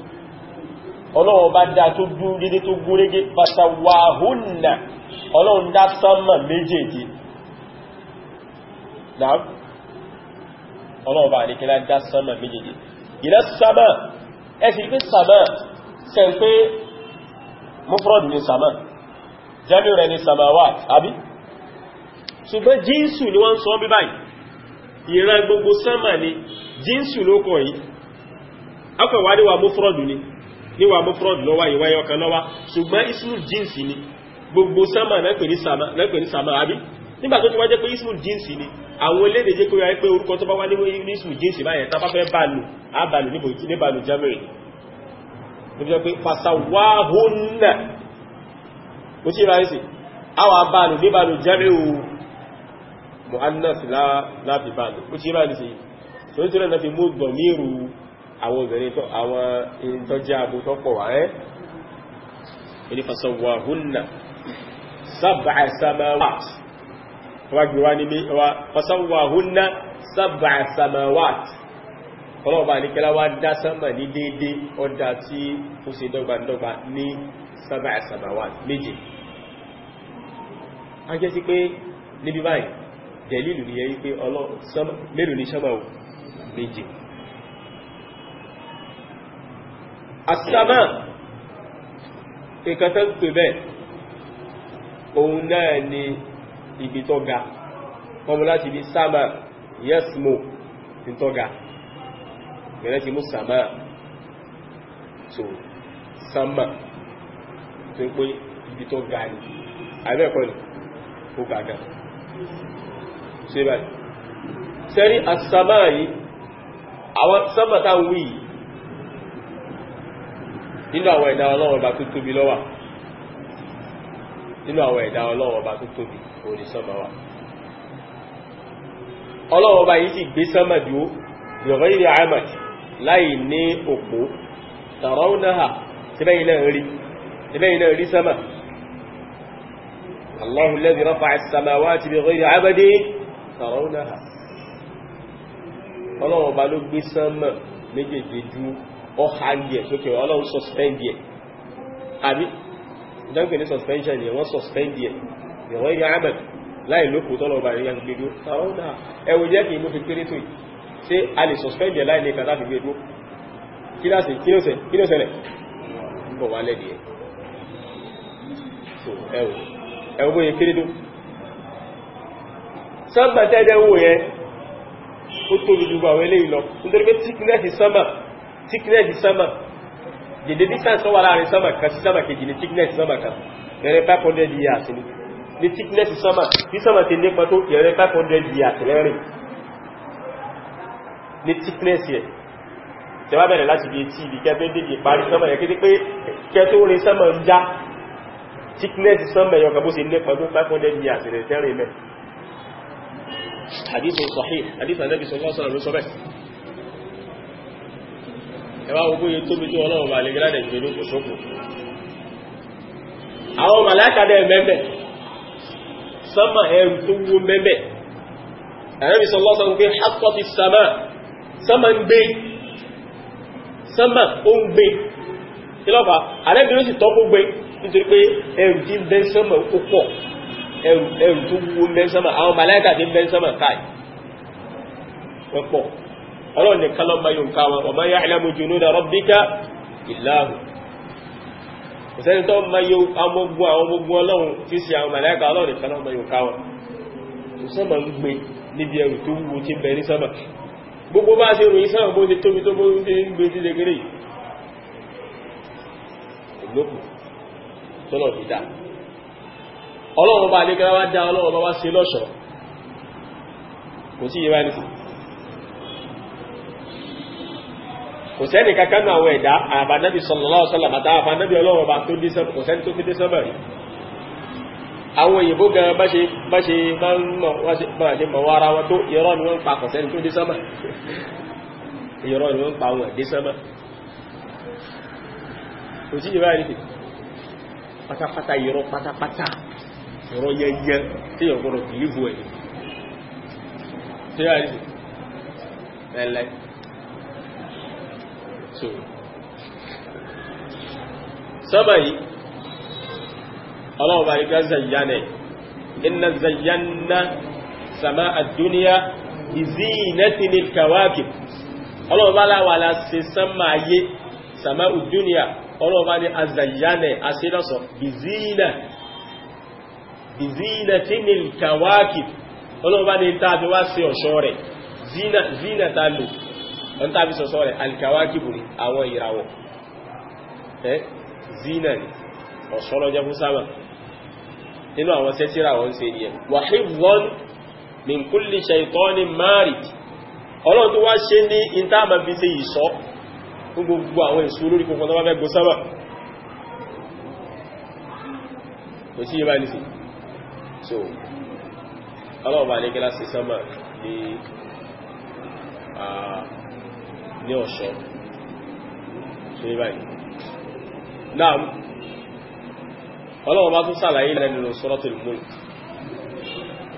ọlọ́run bá dá tó dúró dédé tó gún régé fàtàwàhúnnà ọlọ́run dá sánmà méjèèjì náà ọlọ́run bá àríkẹ́lá dá sánmà méjèèjì ilẹ̀ sámà ẹ̀sì pé sámà sẹ pé mufrod ni sámà jamiu rẹ̀ ni samawa àbí ṣùgbọ́n jínsù ni wọ́n sọ bí báyìí ìran gbogbo sánmà ni jínsù ló kọ̀ yìí wa mufrod ni níwà mufrod lọ́wà ìwà ẹyọkan lọ́wà ṣùgbọ́n ismu jeans ni gbogbo sama lẹ́pẹ̀ ní sama àbí nígbà tó ti wá jẹ́ pé ismu jeans ni àwọn elédè jẹ́ kóyá pé orúkọ tó bá wá ní ismu jeans báyẹn tá bá fẹ́ bàlù àbàlù níbo ìtí àwọn obìnrin tó àwọn ìtọ́jẹ́ àbò tó pọ̀ wà ẹ́ ilé fasọ̀wà húnnà sábà samawat wá gbé wá ní wá fasọ̀wà húnnà sábà samawat ọlọ́ọ̀bá ní kẹ́lá wá dá sánmà ní dédé ọdá tí ó ṣe dọ́gbàdọ́gbà ní sábà samawat méje a jẹ́ sí pé níbi báyìí dẹ̀lìlù ni yẹ́ wípé ọlọ́ mélòó ní sánmà méje àsàmà nǹkan tó ń pè bẹ́ẹ̀ òun náà ni ibi tó ga ọmọ láti ibi sàmà yẹ́sùmò ní tó ga gẹ̀rẹ́ ti mú sàmà tó sàmà tó ń pè ibi tó ga ní àbẹ́ẹ̀kọ́ ni ó gàgà ṣe báyìí sẹ́rí àsàmà yìí àwọn sàmà táwọn wí yìí nínú àwọn ẹ̀dá ọlọ́run ọba tó tóbi lọ́wà nínú àwọn ẹ̀dá ọlọ́run ọba tó tóbi òní sánmà wà ọlọ́run ọba yìí sì gbé sánmà dúó yọ̀rọ̀ ilẹ̀ ahmed láì ní òpó tàrọ́nàhà tẹ́bẹ̀yìn náà rí tẹ́bẹ̀yìn ọ̀hángì ẹ̀ sókè ọlọ́run sọ̀spẹ́ndì ẹ̀ àbí ìdánkù ní suspension ni wọ́n sọ̀spẹ́ndì ẹ̀ ìwọ̀n ìrìn àmà láì lókù tọ́lọ̀ ọba ìrìn àgbè dúró táwọn náà ẹwọ jẹ́ kí n mọ́fi kéré tó yìí ṣé a lè sọ̀spẹ́ndì ẹ̀ láì lè kàtà fi gbé dúró kí lásì kí ló ṣẹlẹ̀ ń bọ̀ wálẹ̀ nìyẹn so ẹwọ ẹwọ bóyẹ kéré tó sábà tẹ́ẹ̀dẹ́ wò yẹn ó tóbi ju àwọn eléyìí lọ nítorí pé tíkínẹ́sì sábà thickness sánmà dèdè distance wà láàrin sánmà kan sí sánmà kejì ní thickness sánmà kan ẹ̀rẹ́ 500 years ni ní thickness sánmà ní sánmà ti nípa tó ẹ̀rẹ́ 500 years lẹ́rìn ní thickness yẹ tẹwà bẹ̀rẹ̀ láti bí etí ibi kẹ́ bẹ́ẹ̀ dèdè parí sánmà yẹ kété pé kẹ́ tó rin sánmà ń já thickness sánmà yọ kan bó ṣe nípa tó 500 years rẹ̀ tẹ́rìn mẹ́ hadith sahih hadith anabi sallallahu alaihi wasallam ẹwà ogbó yìí tóbi tó ọlọ́run bá lè gíládẹ̀ jù lókò sókò àwọn màláìkàdẹ̀ mẹ́bẹ̀ sánmà ẹrù tó wó mẹ́bẹ̀ ẹ̀rẹ́bì sọlọ́sọ pé hapkọ́tí sánmà sánmà ń gbé sánmà ó ń gbé kílọ́fà àrẹ́bì ló sì tọ́ kó gbé nítorí pé ẹrù tí ń bẹ sánmà ó pọ̀ ẹrù tó wó mẹ́ sánmà àwọn màláìkàdẹ̀ mẹ́ sánmà káì wọ́n ọlọ́run nìkan ló mọ̀ yóò ká wọn wa ma ya'lamu junuda rabbika illa hu kò sẹ́ni tó mọ̀ yóò amógún àwọn ogun ọlọ́run tí sí àwọn màláíkà ọlọ́run nìkan ló mọ̀ yóò ká wọn tó sọ́mà ń kò sí yẹ báyìí kò sẹ́ni kankan náà àwọn ẹ̀dá àbánábì sallallahu alaihi wasallam àtàwọn àbánábì ọlọ́run ọba tó kò sẹ́ni tó fi dé sánmà rí àwọn òyìnbó gan bá ṣe bá ṣe máa ń mọ̀ wá ṣe máa ṣe mọ̀ wá ara wọn tó irọ́ ni wọ́n ń pa kò sẹ́ni tó dé sánmà irọ́ ni wọ́n ń pa wọn dé so sábà yìí ọlọ́wọ́ bá rí gbá zayyanẹ̀ inna zayyanna sama àdúníyà ìzínẹ́tì ní kàwákì ọlọ́wọ́ bá láwà láti sánmà ayé sama àdúníyà ọlọ́wọ́ bá ní azayyanẹ̀ asílọ́sọ̀ ìzínẹ́tì ní kàwákì ọlọ́wọ́ bá ní tàbí wá sí ọ̀ṣọ́ rẹ̀ zínẹ́tà lò ẹn tàbí sọ̀sọ́ rẹ̀ alkawakibu ni àwọn ìràwọ̀ ẹ́ zina ni ọ̀ṣọ́lọ́jẹ́ fún sábà nínú àwọn sẹ́tíra wọn ṣe nìyẹn wàhíwọ́n min kulli shaytanin marid ọlọ́run tó wá ṣe ní ìtààmà bí ṣe ìṣọ́ fún gbogbo àwọn èso lórí kòkòrò tó bá fẹ́ gbó ní ọ̀ṣọ́ ṣe báyìí náà ọlọ́wọ́ bá tún sàlàyé ilẹ̀ nínú Suratul Mulk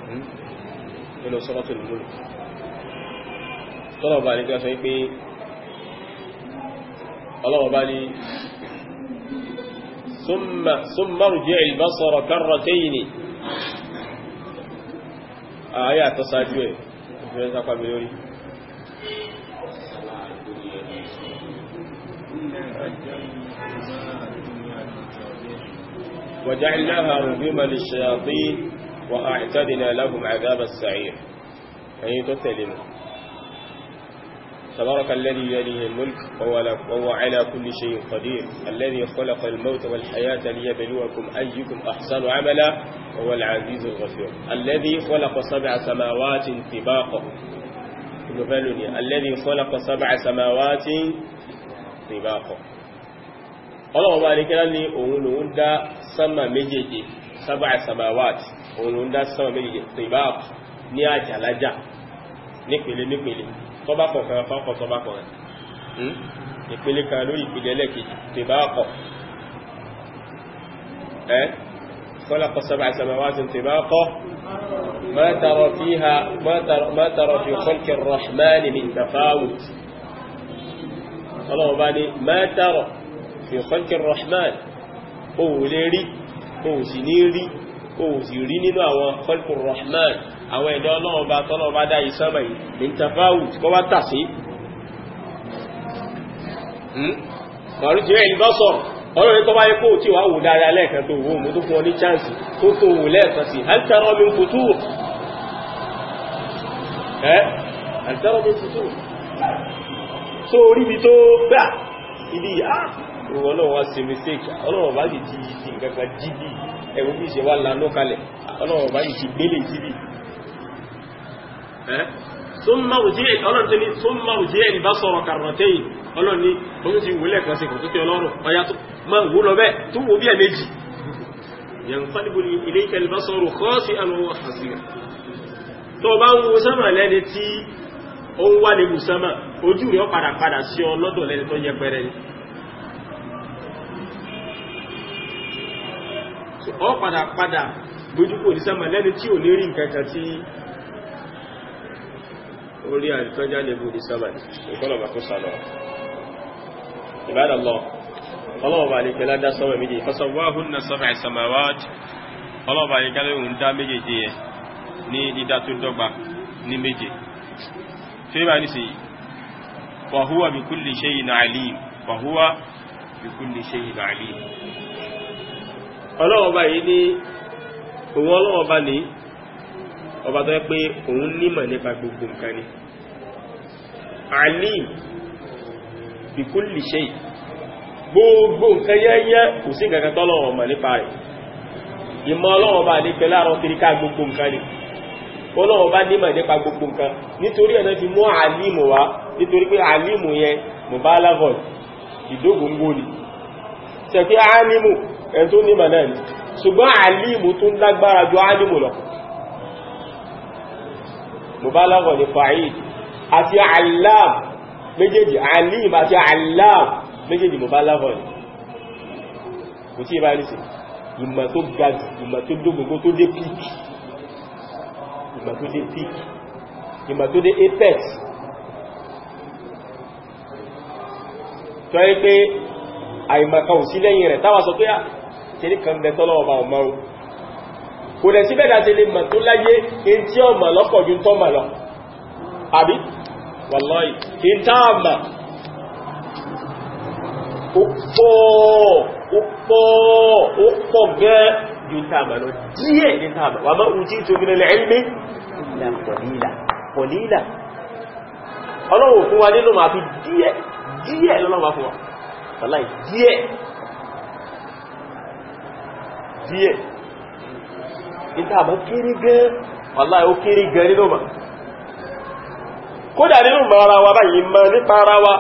hmm? nínú Suratul Mulk tọ́lọ̀ bá ní gásọ wípé ọlọ́wọ́ bá ní summa irji' al-basara karratayni ààyà tọ́sájú ẹ̀ ìfẹ́ sápàbí lórí وجعلناها رجوما للشياطين وأعتدنا لهم عذاب السعير أي تتلم تبارك الذي يليه الملك وهو على كل شيء قدير الذي خلق الموت والحياة ليبلوكم أيكم أحسن عملا وهو العزيز الغفور الذي خلق سبع سماوات طباقا الذي خلق سبع سماوات sibaqo ọlọ́wọ́ bá rí kíra ní òun lòun dá sánmà méjèèjì sábà samawati òun lòun dá sánmà méjèèjì sibaq ní àjàlájà nípele nípele tọ́bá kọ̀ọ̀kan fákọ̀ tọ́bá hmm? ìpele kan lórí ìpele ẹlẹ́kejì خلق سبع سماوات طباقا ما ترى فيها ما ترى, ما ترى في خلق الرحمن من تفاوت ọlọ́run bá ní mẹ́tàrọ̀ fi khalqir rahman òun lè rí òun sì ní rí òun sì rí nínú àwọn khalqir rahman àwọn ẹ̀dọ́ ọlọ́run bá tọ́lọ́run bá dá ìsọ́mà yìí ní tafawut kọ́ wá tà sí ọ̀rùjẹ́ hmm? ìlúbọ́sọ̀rọ̀ ọ̀rọ̀ yìí tó bá yẹ kó tí wà wù so orí bí tó gbà ibi ah, ọlọ́run wá sí mistake ọlọ́run bá sì ti ṣe nǹkankan jíbi ẹ̀wọ́n bí ṣe wá lanú kalẹ̀ ọlọ́run bá sì ti gbélé síbi ni oún ti wúlẹ̀ kan sí kòtòkè ọlọ́run ọya tó ma wú lọ bẹ́ tó wú bí ẹ̀mẹ́jì yẹn fàdìbò ilé ìkẹlẹ̀ bá sọ̀rọ̀ kọ́ sí àwọn àṣìyà tó bá ń o ń wá lè ojú rẹ̀ padà padà sí ọ lọ́dọ̀ lẹ́ni tó ọ padà padà gbójúkò ní sánmà lẹ́ni tí ò ní rí tí orí àrítọ́já lè bú ní ìkọlọ̀bà tó sàlọ̀ ìbádàlọ́ ọlọ́ọ̀bà tí ó bá ní sí fahuwa bi kulli shay'in alim fahuwa bi kulli shay'in alim ọlọ́wọ́ bá yìí ní òun ọlọ́wọ́ bá ní ọba tó yẹ pé òun nímọ̀ nípa gbogbo nǹkan ni alim bi kulli gbogbo nǹkan kò sí nǹkan kan tọ́lọ́wọ́ nípa rẹ̀ ìmọ̀ ọlọ́wọ́ ní pẹ̀lú àrọ́ kiri ká gbogbo nǹkan ọlọ́run bá nímọ̀ nípa gbogbo nǹkan nítorí ẹ̀nà fi mú àlímù wá nítorí pé àlímù yẹn mọ̀bálàvọ̀d ìdógóngó ni ṣẹ̀kí àlímù ẹn tó nímọ̀ náà ni ṣùgbọ́n àlímù tó ń lágbára ju àlímù lọ mọ̀bálàvọ̀d fàáyì àti àlám méjèèjì àlím àti àlám méjèèjì mọ̀bálàvọ̀d kò tí ì bá ní sí ìmọ̀ tó ga tó dé píkì ìgbà tó dé peak ìgbà tó dé apex tó yẹ pé àìmàkà ò sí lẹ́yìn rẹ̀ táwà sọ pé à ah, kìrí kan bẹ tọ́lọ́ ọba ọmọ o kò dẹ̀ sí bẹ́ẹ̀dá tẹ́lẹ̀ mà tó láyé in tí ọmọ lọ́pọ̀ ju tọ́ mà lọ àbí wàláì in táàmà ó pọ̀ ó pọ̀ ó pọ̀ gẹ́ẹ́ ju táàmà lọ díẹ̀ ní táàmà wà máa ń tí tó gínlẹ̀ ẹ̀mí na kọ̀lílà kọ̀lílà ọlọ́wọ̀ fún wa nínú ma fi díẹ̀ díẹ̀ lọ́lọ́wà fún wa wàláì díẹ̀ díẹ̀ ní táàmà kéré gan wàláì ó kéré gan nínú ma kódà nínú mara wa báyìí ma nípa ara wa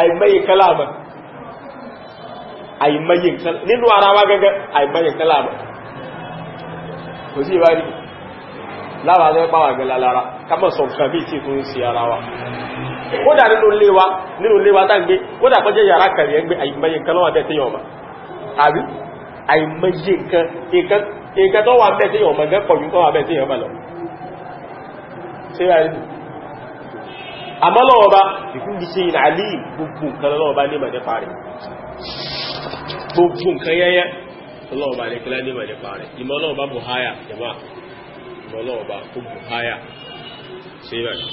àìmẹ́yẹ kalama nínú ara wa gẹ́gẹ́ àìmẹ́yẹ kalama kò sí ìwádìí láwà ní pàwà gẹ̀lá lára kámọ̀ sọ nǹkan bí tí fún sí ara wa ó dà nínú ilé wa nínú ilé wa tàgbé ó dà kọjẹ́ yàrá kàrí ẹgbẹ́ àìmọye nǹkan lọ́wọ́ bẹ́ẹ̀ tẹ́yàn ọmọ àbí àìmọye nǹkan tó wà bẹ́ẹ̀ tẹ́yàn ọmọ gẹ́pọ̀ jù tó wà bẹ́ẹ̀ tẹ́yàn ọmọ lọ ṣe rà nínú àmọ́ lọ́wọ́ bá ìfúnbi ṣe ìràlí gbogbo nǹkan lọ́wọ́ bá ní ìmọ̀ nípa gbogbo nǹkan yẹ́yẹ́ ọlọ́run bá lékelá nímọ̀ nípa rẹ̀ ìmọ̀ ọlọ́run bá buhaya jama ìmọ̀ ọlọ́run bá kó buhaya ṣe é báyìí.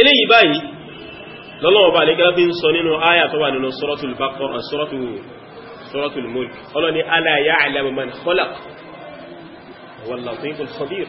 eléyìí báyìí lọ́lọ́wọ́ bá lékelá fi ń sọ nínú aya tó wà nínú suratul Baqara suratul Mulk ọlọ́ni ala ya'lamu man khalaq wal latiful khabir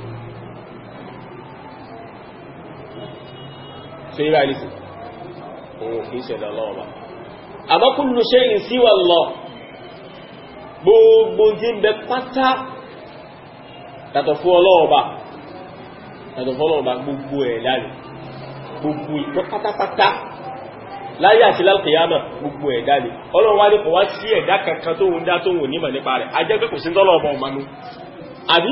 ṣe yíra ní sí òun kìí ṣẹ̀dá ọlọ́wọ́ bá àmọ́ kullu lọ gbogbo jí pátá fún fún gbogbo ẹ̀ láàrin gbogbo ìtọ́ pátápátá láyé àti lálùkìyàmà gbogbo ẹ̀dá ni ọlọ́run wá ní sí ẹ̀dá kankan tó ń dá tó wò nímọ̀ nípa rẹ̀ ajẹ́ kò sí tọ́lọ̀ ọmọ ọmọ àbí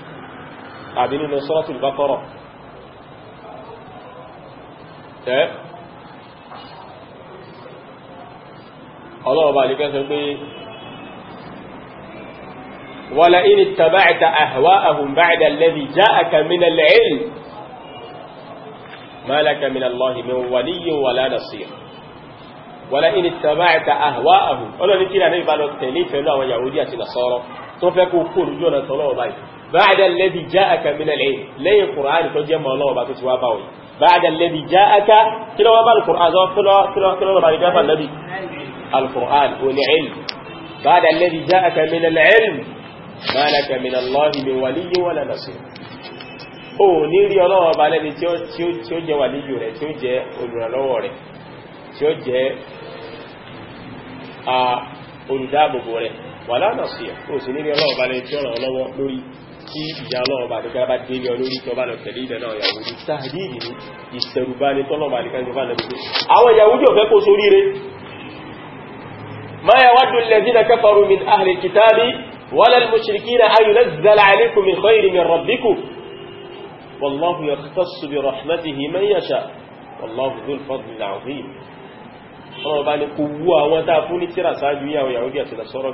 àbí nínú Suratul Baqara ẹ́ ọlọ́ọ̀bá lè kẹ́sẹ̀ pé wala in ittaba'ta ahwa'ahum ba'da alladhi ja'aka min al-'ilm ma laka min Allahi min waliyyin wala nasir wala in ittaba'ta ahwa'ahum ọlọ́ni kí báyìí lẹ́bi já aka mílẹ̀ lẹ́yìn lẹ́yìn kùránì tó jẹ́ mọ́ ọlọ́wọ́ bá tó ti wá báwọ̀ báyìí lẹ́bi já aka kí lọ́wọ́ bá alkùránì zọ kí lọ́wọ́ bá ní gáfà lẹ́bi alkùránì ò ní ilm báyìí lẹ́bi já aka mílẹ̀ ilm máa laka mílẹ̀ lọ́hì mi wà níyí wà lẹ́nà sí o ní rí ọlọ́wọ́ bá lẹ́ni tí ó jẹ́ wà níyí rẹ̀ sì ní rí ọlọ́wọ́ bá tí ó ràn lọ́wọ́ lórí tí ìjà ọlọ́ọ̀bà àdúgbà bá dé ní olórí tó bá lọ tẹ̀lé ìbẹ̀ náà Yahudi táàdì ìlú ìṣẹ̀rùbá ní tọ́lọ̀bà àdúgbà lọ́gbẹ̀ àwọn Yahudi ò fẹ́ kó sórí rẹ̀ ma yawaddu alladhina kafaru min ahli kitabi wala al-mushrikina an yunazzala alaykum min khayrin min rabbikum wallahu yakhtassu bi rahmatihi man yasha wallahu dhul fadli ní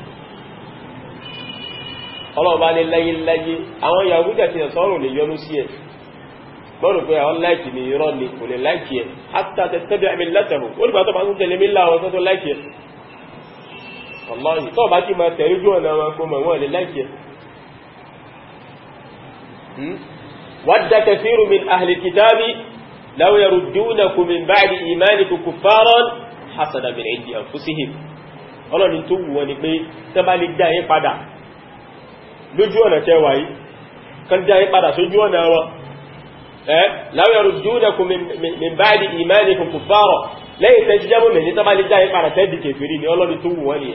ọlọ́ọ̀bá ní láyéláyé àwọn yahoo tẹ̀sí ẹ̀sọ́rùn lè yọnú sí ẹ̀ lọ́rùn pé àwọn láìkì ní irọ́ ni kò lè láìkì ẹ̀ àtàtẹ̀ tẹ́bí àmì látẹ̀rù ó nígbà tó bá ń tẹ̀lé mílá àwọn tó láìkì ẹ̀ ọlọ́yìn tó bá kí máa tẹ̀rí jù ọ̀nà àwọn akọ́mọ̀ wọn lè láìkì ẹ̀ hmm? wadda kathiru min ahli lójú ọ̀nà tẹwàá yìí kan dá yí padà sójú ọ̀nà wọn ẹ́ láwẹ̀rù dúnàkù mìbáàdì ìmáàdì kò kùfàrọ̀ lẹ́yìn tẹ́ jíjẹ́ mọ́mí ní tọ́bá lè dá yí padà tẹ́bì kèfèrí ní ọlọ́ni tó wù wọ́n ni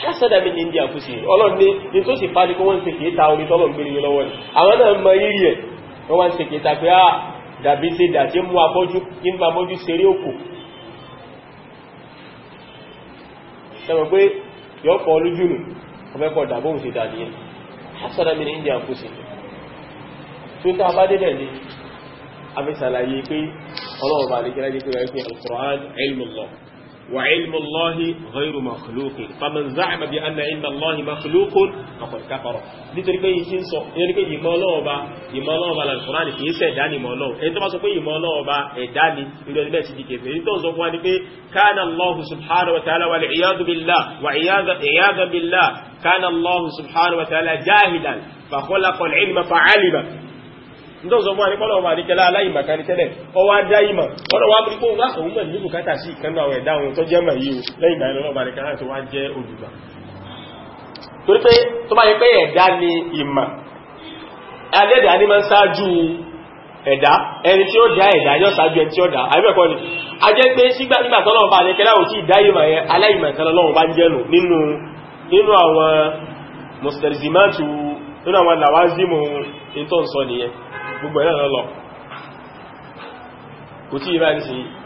ṣásẹ́dà mi ní india kú sí ọlọ́ni ní tó sì fà ní kó wọ́n ń ṣe kìíta omi tọ́lọ̀ ń gbèrè lọ́wọ́ ni àwọn náà mọ pé yọ́pọ̀ olójú ọmọ ẹ̀kọ́ dàbóhùn ṣe dà nìyẹn hasana min india kú sí tí ó tàbá dédé ní afẹ́sàlàyé pé ọlọ́wọ́ bá lè kí lájẹ́ pé wáyé pé al-Qur'an ilmullah wa ilmullahi ghayru makhluqin faman za'ama bi anna ilma allahi makhluqun faqad kafara nítorí pé yìí ń sọ yẹni pé ìmọ̀ ọlọ́wọ́ bá ìmọ̀ ọlọ́wọ́ bá al-Qur'an kì í ṣe ẹ̀dá kana Allah subhanahu wa ta'ala jahilan fa khalaqa al ndo zo mo ni ko ma ni kala ni tele o wa da ima o wa bi ko wa o mo ni kata si kan ma yi o lai ba lo ba ni wa oduba ni ima ade da ni man ni a jẹ́ pé sígbà nígbà tọ́lọ́wọ́ bá nínú àwọn mustarzimáàtù nínú àwọn làwázímù ìtọ́ ń sọ nìyẹn gbogbo ẹ̀rẹ́ lọ́lọ́ kò tí ìbá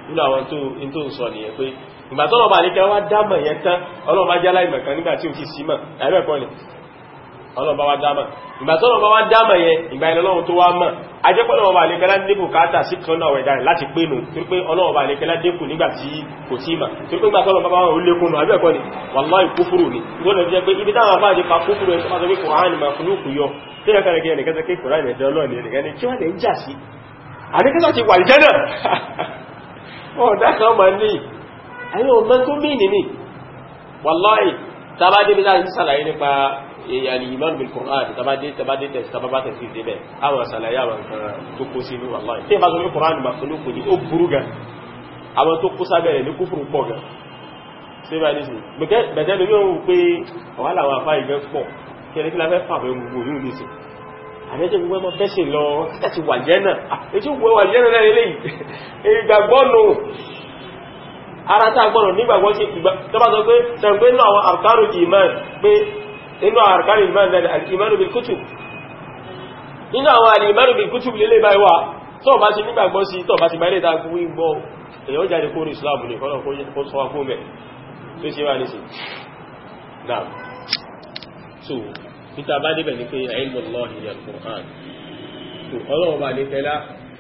nínú àwọn tó ń sọ nìyẹn pé ìgbàtọ́lọ̀bà ní kẹwàá dámọ̀ yẹn tán ọlọ́ọ̀bá jálá ìmọ̀kan nígbà tí ti símọ̀ ẹ̀rẹ́kọ́ ni ọlọ́run bá wá dámà ìgbà tó ọlọ́run bá wá dámà yẹn ìgbà ilẹ̀ ọlọ́run tó wá mọ̀ ajẹ́pọ̀lọ́ ọba àlekẹ́lá dẹ́kù káàtà sí kan náà ẹ̀dá rẹ̀ láti pé nù tó pé ọlọ́run ọba àlekẹ́lá dẹ́kù nígbà tí kò tí mà tó pé gbàtọ́ ọlọ́run bá wá ó lékún nù abẹ́ẹ̀kọ́ ni wàláì kúfúrù ni ìgbọ́dọ̀ jẹ́ pé ibi táwọn bá jẹ́ pa kúfúrù ẹ̀ tó bá sọ pé kòrán ni màfúlùkù yọ tó yẹ kẹrẹkẹ ẹnìkan sọ pé kòrán ni ẹ̀dọ́ ọlọ́run ni ẹnìkan ni kí wọ́n lè ń jà sí àdékẹ́sà ti wà ìjẹ́nà ọ̀dá kan ma ní ayé ọmọ tó mí nìní wàláì tábádébí láti sàlàyé nípa Eh, al-iman bil Qur'an tabade tabade tẹ̀sí tababa tẹ̀sí ìdíbẹ̀ àwọn àṣàlàyé àwọn kan tó kó sí inú wàláì tí ìbá sọ pé Qur'an makhluq kò ní ó burú gan àwọn tó kó sábẹ̀rẹ̀ ní kúfùrù pọ̀ gan ṣé bá nísìn bẹ̀tẹ́ lórí òun pé ọ̀wá làwọn afá ìgbẹ́ pọ̀ kẹrẹ kí la fẹ́ fàbẹ̀ gbogbo yóò nísìn àmẹ́jẹ́ gbogbo ẹmọ bẹ́sẹ̀ lọ láti wà jẹ́nà ètí ògbò wà jẹ́nà náà eléyìí ìgbàgbọ́nù ara tá a gbọ́nà nígbàgbọ́ sí ìgbà tó bá sọ pé sẹ̀ǹgbẹ́ náà àwọn àrùkárò ìmọ̀ pé inú àrùkárì ìmánu náà alìmánu bil kutub nínú àwọn alìmánu bil kutub lélẹ̀ báyìí wà tó bá ti nígbàgbọ́ sí tó bá ti bá ilé ìta kú gbọ́ èyàn jáde kó ní islam ní kọ́nà kó sọ akó mẹ́ tó ṣe wà ní sí náà so peter bá débẹ̀ ní pé ilmu Allah ni al-Qur'an so ọlọ́run bá lè tẹ́lá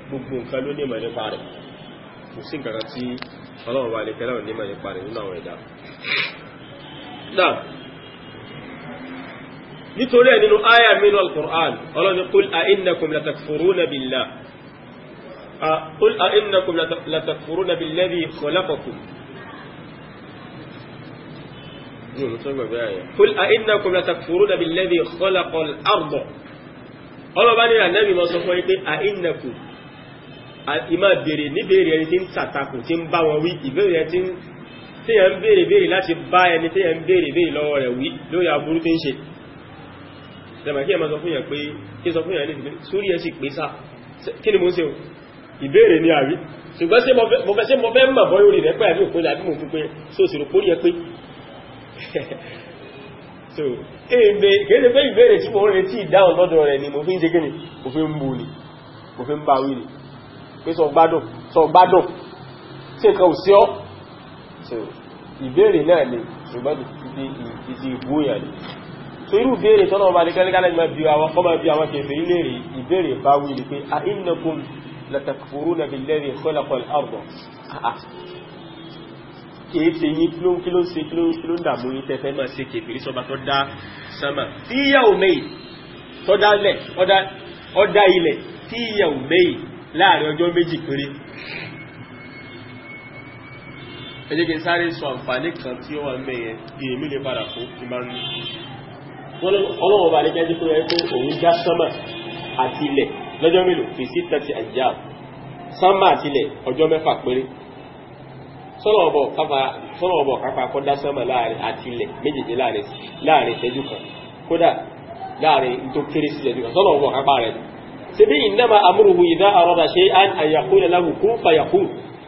gbogbo nǹkan ló nímọ̀ nípa rẹ̀ kò sí nǹkan tí ọlọ́run bá lè tẹ́lá ò nímọ̀ nípa rẹ̀ nínú àwọn ẹ̀dá náà nítorí ẹ̀ nínú àyà mínú al-Qur'an ọlọ́ni qul a innakum latakfuruna billah qul a innakum latakfuruna billadhi khalaqakum qul a innakum latakfuruna billadhi khalaqal arda ọlọ́ba ní ànábì mọ́ sọ fún ẹ pé a innakum ìmá bèèrè ní bèèrè ẹni tí ń tàtàkù tí ń bá wọn wí ìbéèrè tí lẹ́mà kí ẹ ma sọ fún yàn pé kí sọ fún yàn ní sórí ẹ sì pé sá kí ni mo ń ṣe ìbéèrè ní àrí ṣùgbọ́n sí mo fẹ́ mọ̀ ìbéèrè ni mo fi ni mo fi ń bá ni pé sọ gbádùn sọ gbádùn sí nǹkan ò sí ọ́ ìbéèrè náà ni ṣùgbọ́n ti ìgbóyà ni so irú ìbéèrè tọ́nà ọba nìkan nìkan lẹ́gbẹ̀ẹ́ bí àwọn kọ́ máa bí àwọn kẹfẹ́ ilé rè ìbéèrè bá wí ni pé a innakum latakfuruna billadhi khalaqal arda kìí ṣe yín kí ló ń kí ló ń ṣe kí ló ń kí ló ń dààmú yín tẹ́fẹ́ máa ṣe kẹfẹ́ sọba tó dá sánmà sáré sọ àǹfààní kan tí ó wà mẹ́yẹn bí èmi lè padà fún ìmárùn-ún ọlọ́wọ́ bá lẹ́jẹ́ dípò rẹ̀ pé òun já sánmà àti ilẹ̀ lọ́jọ́ mélòó fi sí tẹ́tì àjíyà sánmà àti ilẹ̀ ọjọ́ mẹ́fà péré sọ́lọ̀ọ̀bọ̀ kápá kọ́dá sánmà láàrin àti ilẹ̀ méjèèjì láàrin ìṣẹ́jú kan kódà láàrin tó kéré sí ìṣẹ́jú kan sọ́lọ̀ọ̀bọ̀ kápá rẹ̀ ṣe bí ìnáma amúrùhù ìdá àrọ́dà ṣe án àyàkún ẹ̀láhù kún fàyàkún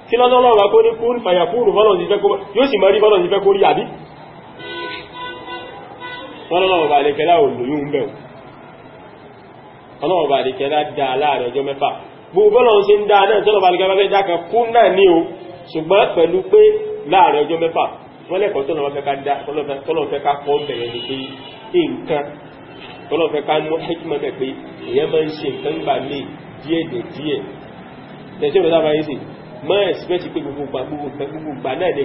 kí lọ́lọ́lọ́wà kó ní kún fàyàkún bọ́lọ̀ sí fẹ́ kó rí àbí wọ́n lọ́wọ́ bá lè kẹ́lá òlòyún ń bẹ̀ ọlọ́wọ́ bá lè kẹ́lá dá láàrin ọjọ́ mẹ́fà gbogbo ọlọ́run ṣe ń dá náà tọ́lọ̀ bá lè kẹ́lá fẹ́ dá kan kú náà ní o ṣùgbọ́n pẹ̀lú pé láàrin ọjọ́ mẹ́fà wọ́n lẹ́kọ̀ọ́ tọ́lọ̀ fẹ́ ká dá tọ́lọ̀ fẹ́ ká kọ́ bẹ̀rẹ̀ ní pé nǹkan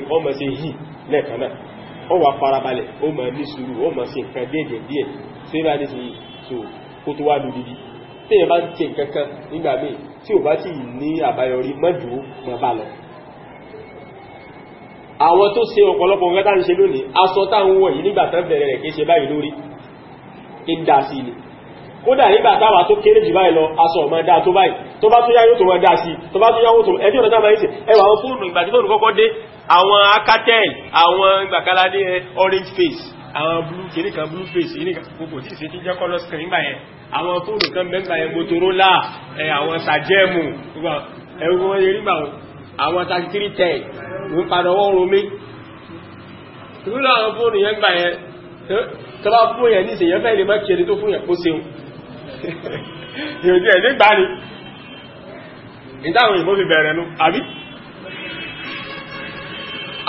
tọ́lọ̀ ó wà farabalẹ̀ ó máa ní sùúrù ó máa ṣe nǹkan déédéé díẹ̀ tó yẹ bá ní sí so kó tó wá lódìdí tí èyàn bá ń ṣe nǹkan kan nígbà míì tí ò bá sì ní àbáyọrí mọ́jú mọ́ bá lọ àwọn tó ṣe ọ̀pọ̀lọpọ̀ nǹkan tá ń ṣe lónìí aṣọ táwọn wọ̀nyí nígbà tán bẹ̀rẹ̀ rẹ̀ kìí ṣe báyìí lórí ń dá sí ni kódà nígbà táwà tó kéré jù báyìí lọ aṣọ ọmọ dáa tó báyìí tó bá tó yá yóò tó mọ dáa sí tó bá tó yá yóò tó ẹbí ọ̀nà táwà ìsìn ẹwà àwọn fóònù ìgbà tí fóònù kọ́kọ́ dé àwọn akatel àwọn ìgbàkálá eh, orange face àwọn blue kìíní kan blue face yìí nìkan gbogbo tí ìsìn tí jẹ́ color scan nígbà yẹn àwọn fóònù kan mẹ́gbà yẹn Motorola eh, àwọn sajẹ́mù ẹ̀rù wọn yẹn nígbà wọn àwọn thirty three ten ń padà wọ́n romi ìlú àwọn fóònù yẹn gbà yẹn eh, tó bá fún yẹn ní ìsèyẹ́fẹ́ ìlú mẹ́kìlì tó fún yẹn kó seun ìròdí ẹ̀ nígbà ni ìdáhùn ìbò fi bẹ̀rẹ̀ nú àbí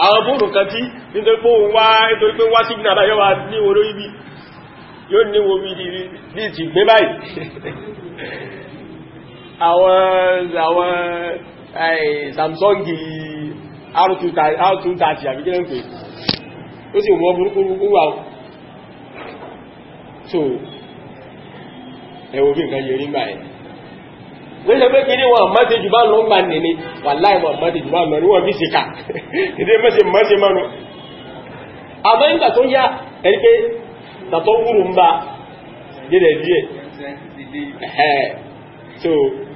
àwọn bóòrùn kan tí nítorí pé wá nítorí pé wá sí gbìnàdá yóò wá ní oró ibi yóò ní wo bí i ti gbé báyìí àwọn Samsung R230 àbí kílẹ̀ ń pè ó sì mọ́ burúkú wà so ẹwọ bí nǹkan yẹrí gbà ẹ̀ lóṣe pé kí ní wọn mọ́sí jù bá lọ ń gbà nìní wà láì wọn mọ́sí jù bá lọ ní wọn bí ṣe ká ìdí mọ́sí mọ́sí mọ́nu àmọ́ nígbà tó yá ẹni pé tàtọ́ wúrù ń bá díẹ̀ díẹ̀ so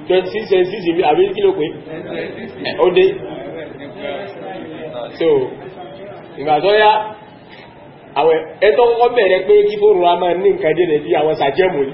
twenty six twenty six mi àbí kí ló pé ó dé so ìgbà tó yá àwọn ẹ̀tọ́ kọ́kọ́ bẹ̀rẹ̀ pé kí fóònù ra máa ní nǹkan díẹ̀ díẹ̀ àwọn sàjẹ́mù ni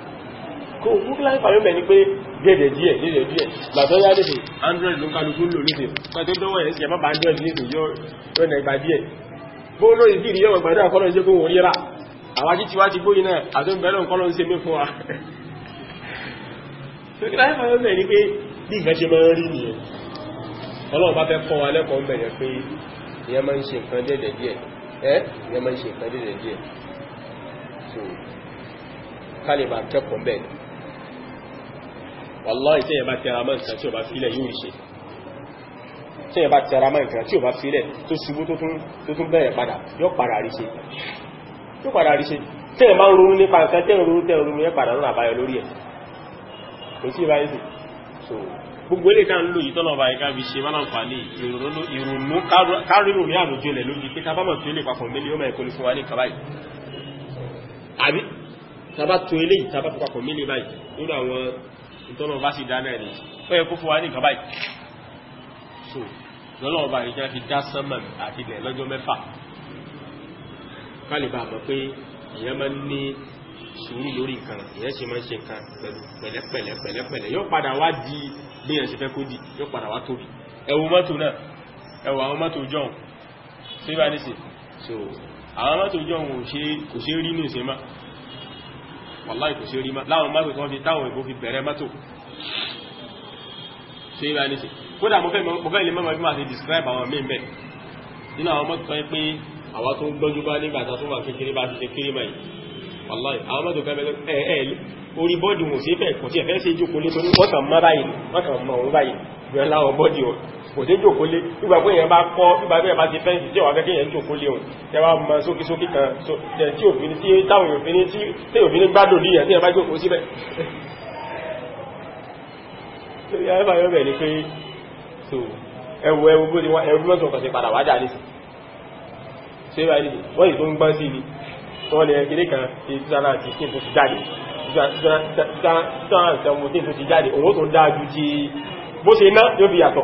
kò fún kí láìpàá yóò mẹ́ ní pé dédé díẹ̀ dédé android ló ń kálukú lò nídè pàtó tó wọ́n yẹn sì ẹ̀mọ́bà android nídè yóò nà ìgbà díẹ̀ bó ló ìdí ìdí yẹ̀wọ̀n gbàdúrà kọ́lọ̀ ń jẹ́ kó wọ́n ríra àwọn ajíti wá ti gbóyìn náà àtó bẹ́rẹ̀ kọ́lọ̀ ń ṣe mí fún wa kí láìpàá yóò mẹ́ ní pé bí nǹkan ṣe máa ń rí nìyẹn ọlọ́run bá fẹ́ kọ́ pé ìyẹn ń ṣe nǹkan dédé díẹ̀ ẹ́ ìyẹn ń ṣe nǹkan dédé díẹ̀ so kálíbà kẹ́kọ̀ọ́ wàláhì tẹ́yẹ bá tẹ́ra mọ́ nǹkan tí ó bá fílẹ̀ yóò ṣe tẹ́yẹ bá tẹ́ra mọ́ nǹkan tí ó bá fílẹ̀ tó ṣubú tó tún bẹ̀rẹ̀ padà yóò padà rí ṣe yóò padà rí ṣe tẹ́yẹ máa ń ronú nípa nǹkan tẹ́yẹ ronú tẹ́yẹ ronú yẹ padà lọ́nà àbáyọ lórí ẹ̀ kò sí ìbáyé sí so gbogbo ilé tá ń lò yìí tọ́lọ̀ báyìí kábi ṣe máa ń fà ní ìrònú kárírò ní àrùn jùlẹ̀ lójú pé tá bá mọ̀ tí ó lè papọ̀ mélé ó mẹ́rin kò ní fún wa ní kàbáyìí àbí tá bá tó eléyìí tá bá tó papọ̀ mélé báyìí nínú àwọn ìtọ́lọ̀ bá sì dáná ẹni ó yẹ kó fún wa ní nǹkan so lọ́lọ́ ọba ìjọ fi dá sánmà àti ilẹ̀ lọ́jọ́ mẹ́fà kálíbà mọ̀ pé èèyàn máa ń ní sùúrù lórí nǹkan èèyàn sì máa ń ṣe nǹkan pẹ̀lú pẹ̀lẹ́ pẹ̀lẹ́ pẹ̀lẹ́ yóò padà wá di bí èèyàn ṣe fẹ́ kó di yóò padà wá tóbi ẹ̀wù mọ́tò náà ẹ̀wù àwọn mọ́tò jọ̀hún sí so àwọn mọ́tò jọ̀hún kò ṣe rí ní ìsinmi wàláì kò sí rí láwọn mọ́tò tó fi táwọn ìbò fi bẹ̀rẹ̀ mọ́tò ṣe é bá ní sí kódà mo fẹ́ lè mọ́mọ́ bí máa ti describe àwọn míì bẹ́ẹ̀ nínú àwọn mọ́tò tó ń pé àwọn tó ń gbọ́njú bá nígbà tó wà kékeré bá ti ṣe kéré mọ́ yìí wàláì àwọn mọ́tò kan bẹ́ẹ̀ ẹ̀ ẹ̀ orí bọ́ọ̀dù wọn sí fẹ́ kò sí ẹ̀fẹ́ sí ìjókòó lé kò dé jòkólé nígbà pé èèyàn bá kọ́ nígbà pé èèyàn bá ti fẹ́ǹsì tí wà fẹ́kẹ́ èèyàn jòkólé òun tẹwa mọ sókí sókí kan tí òfin tí táwọn òfin tí òfin gbádùn ní èèyàn tí èèyàn bá jòkó síbẹ̀ ẹwọ ẹwọ bó ti wá ẹwọ mọ́sùn ọ̀kan ti padà wá jà nísì ṣe bá nìí wọ́n yìí tó ń gbọ́n sí ibi wọ́n lè kéré kan ti 2017 tó ti jáde 2017 tó ti jáde òun tó dáa ju ti bó ṣe ná yóò fi yàtọ̀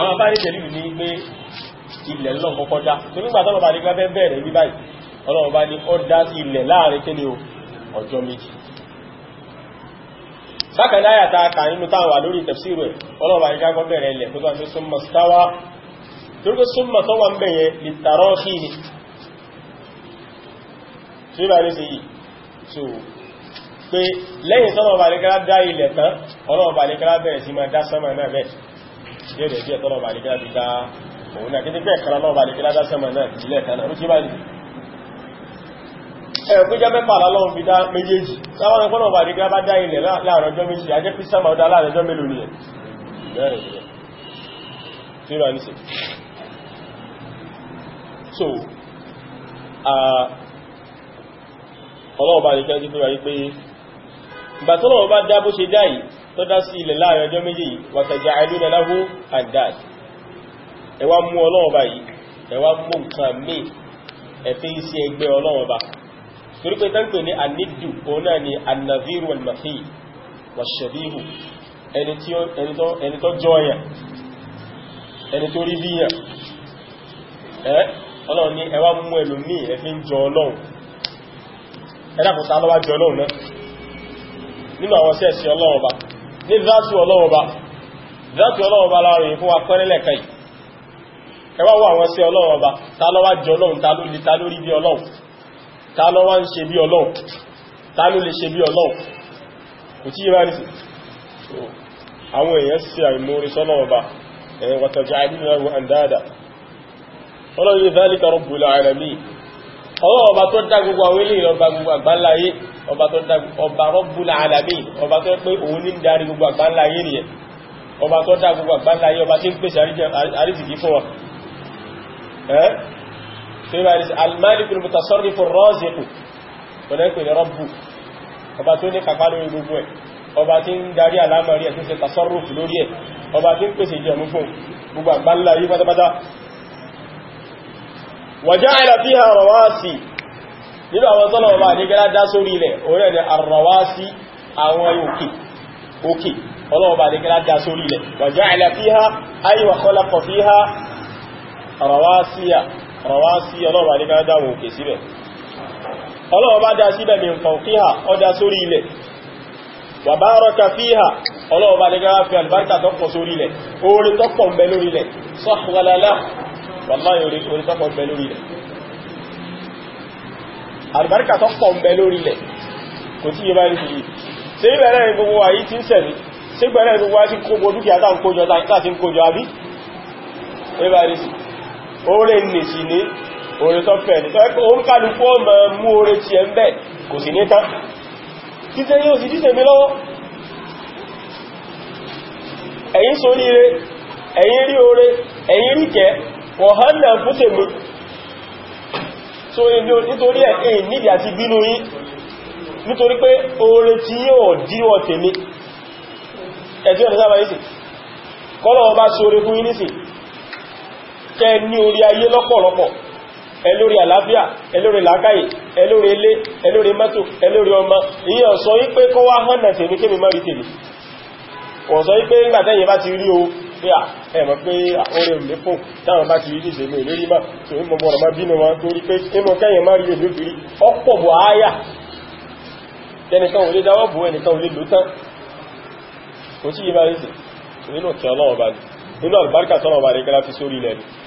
àwọn abáyé tẹ̀lú ní pé ilẹ̀ lọ́n kọ́kọ́ dá tó nígbà tọ́lọ̀ bá ní pé fẹ́ bẹ̀rẹ̀ rí báyìí ọlọ́run bá ní ọ́dá ilẹ̀ láàrin kí ni o ọjọ́ méjì bákanáyà ta kà nínú táwà lórí tafsiru ẹ̀ ọlọ́run bá ní ká gbọ́n bẹ̀rẹ̀ ilẹ̀ tó tó súnmọ̀ sítáwà torí pé súnmọ̀ tó lẹ́yìn tọ́lọ̀ bá dá ilẹ̀ tán ọlọ́run bá bẹ̀rẹ̀ sí máa dá sánmà náà bẹ́ẹ̀ ìbéèrè díẹ̀ tọ́lọ̀ bá nìkílá fi dá òun náà kéde pẹ́ẹ̀ kanáà bá nìkílá dá sẹ́mọ̀ náà ìlẹ̀ kanáà ó ti bá nìkí ẹ̀kújẹ́ mẹ́fà lọ́wọ́ fi dá méjèèjì táwọn ẹgbọ́nà bá nìkílá bá dá ilẹ̀ láàrin ọjọ́ méjì ajẹ́ pí sẹ́mọ̀ ni ẹ̀ ọlọ́wọ́ bá nìkílá ti fi wáyé pé ìgbà tọ́lọ́wọ́ tó dá sí ilẹ̀ láàrin ọjọ́ méjì yìí wàtàjà àìlúnà láhú àdáàd ẹ wá mú ọlọ́run ọba yìí ẹ wá mú nǹkan míì ẹ fi ń ṣe ẹgbẹ́ ọlọ́run ọba torí pé tánkò ní ànídù òun nínú àwọn sẹ́ẹ̀sì ọlọ́run ní dátù ọlọ́wọ́ba dátù ọlọ́wọ́ba láàrin fún wa pẹ́rẹ́lẹ̀ kan yìí ẹ wá wo àwọn sí ọlọ́wọ́ba ta ló wá jọ ọlọ́run ta ló lè ta lórí bí ọlọ́run ta ló wá ń ṣe bí ọlọ́run ta ló lè ṣe bí ọlọ́run kò tí ìrá ọwọ́ ọba tó dá gbogbo àwọn eléyìí ọba gbogbo àgbáńláyé ọba tó dá ọba Rabbul Alamin ọba tó pé òun ní darí gbogbo àgbáńláyé nìyẹn ọba tó dá gbogbo àgbáńláyé ọba tí ń pèsè àrísìkí fún wọn ẹ́ ṣe bá rí al-Malikul Mutasarrifu ar-Raziqu ọ̀lẹ́pẹ̀ ní Rabbu ọba tó ní kàpá lórí gbogbo ẹ̀ ọba tí ń darí àlámọ̀rí ẹ̀ tó ṣe tasarrufu lórí ẹ̀ ọba tí ń pèsè ìjẹ̀mú fún gbogbo àgbáńláyé pátápátá وجعل فيها رواسي nínú àwọn tọ́lọ̀ ọba àdígẹ́lá dá sórí ilẹ̀ orílẹ̀ ni àrọ̀wásí àwọn òkè òkè ọlọ́ọba àdígẹ́lá dá sórí ilẹ̀ وجعل فيها أي وخلق فيها رواسي rọ̀wásí ọlọ́ọ̀bá àdígẹ́lá dáwọn òkè síbẹ̀ ọlọ́ọ̀bá dá síbẹ̀ min fawqiha ó dá sórí ilẹ̀ wàbárọ̀ka fíhà ọlọ́ọ̀bá àdígẹ́lá fi albarka tọ́pọ̀ sórí ilẹ̀ orí tọ́pọ̀ wàláyé orí tọ́pọ̀ bẹ lórí rẹ̀ àlùbáríkà tọ́pọ̀ bẹ lórí rẹ̀ kò tí yẹ bá rí fìyí ṣe ìbẹ̀rẹ̀ gbogbo àyí tí ń sẹ̀rí ṣe ìbẹ̀rẹ̀ gbogbo àyí tí kóbo dúkìá tá ń kójọ tá ti ń kójọ àbí ẹbà rí sí oore nìsì ní oore tọ́pẹ̀ ní tọ́pẹ́ òun kálukú ọmọ mú oore ti ẹ̀ ń bẹ̀ kò sì ní tán ọ̀hánà fún tèmi so nítorí ẹ̀ nídìí àti bínú yí nítorí pé oore tí yóò díwọ̀ tèmi ẹ̀tí ọ̀nà sábà yìí sí kọ́lọ̀ ọba sóre fún yín sí kẹ ní orí ayé lọ́pọ̀lọpọ̀ ẹlórí àlàáfíà ẹlórí làákàyè ẹlórí ilé ẹlórí mọ́tò ẹlórí ọmọ ìyẹn ọ̀sọ́ wípé kó wá hànà tèmi kémi mọ́rí tèmi ọ̀sọ́ wípé nígbàtẹ́yìn bá ti rí o pé à ẹ̀mọ̀ pé orí òlé fún táwọn bá ti rí ìṣẹ́ mi lórí má tó ń mọ̀ bọ̀rọ̀ má bínú wọn torí pé inú kẹ́yìn má rí èlú kiri ọ̀pọ̀ bọ̀ áyà ẹnìkan ò lè dáwọ́ bò ẹnìkan ò lè lò tán kò sí yí bá rí sí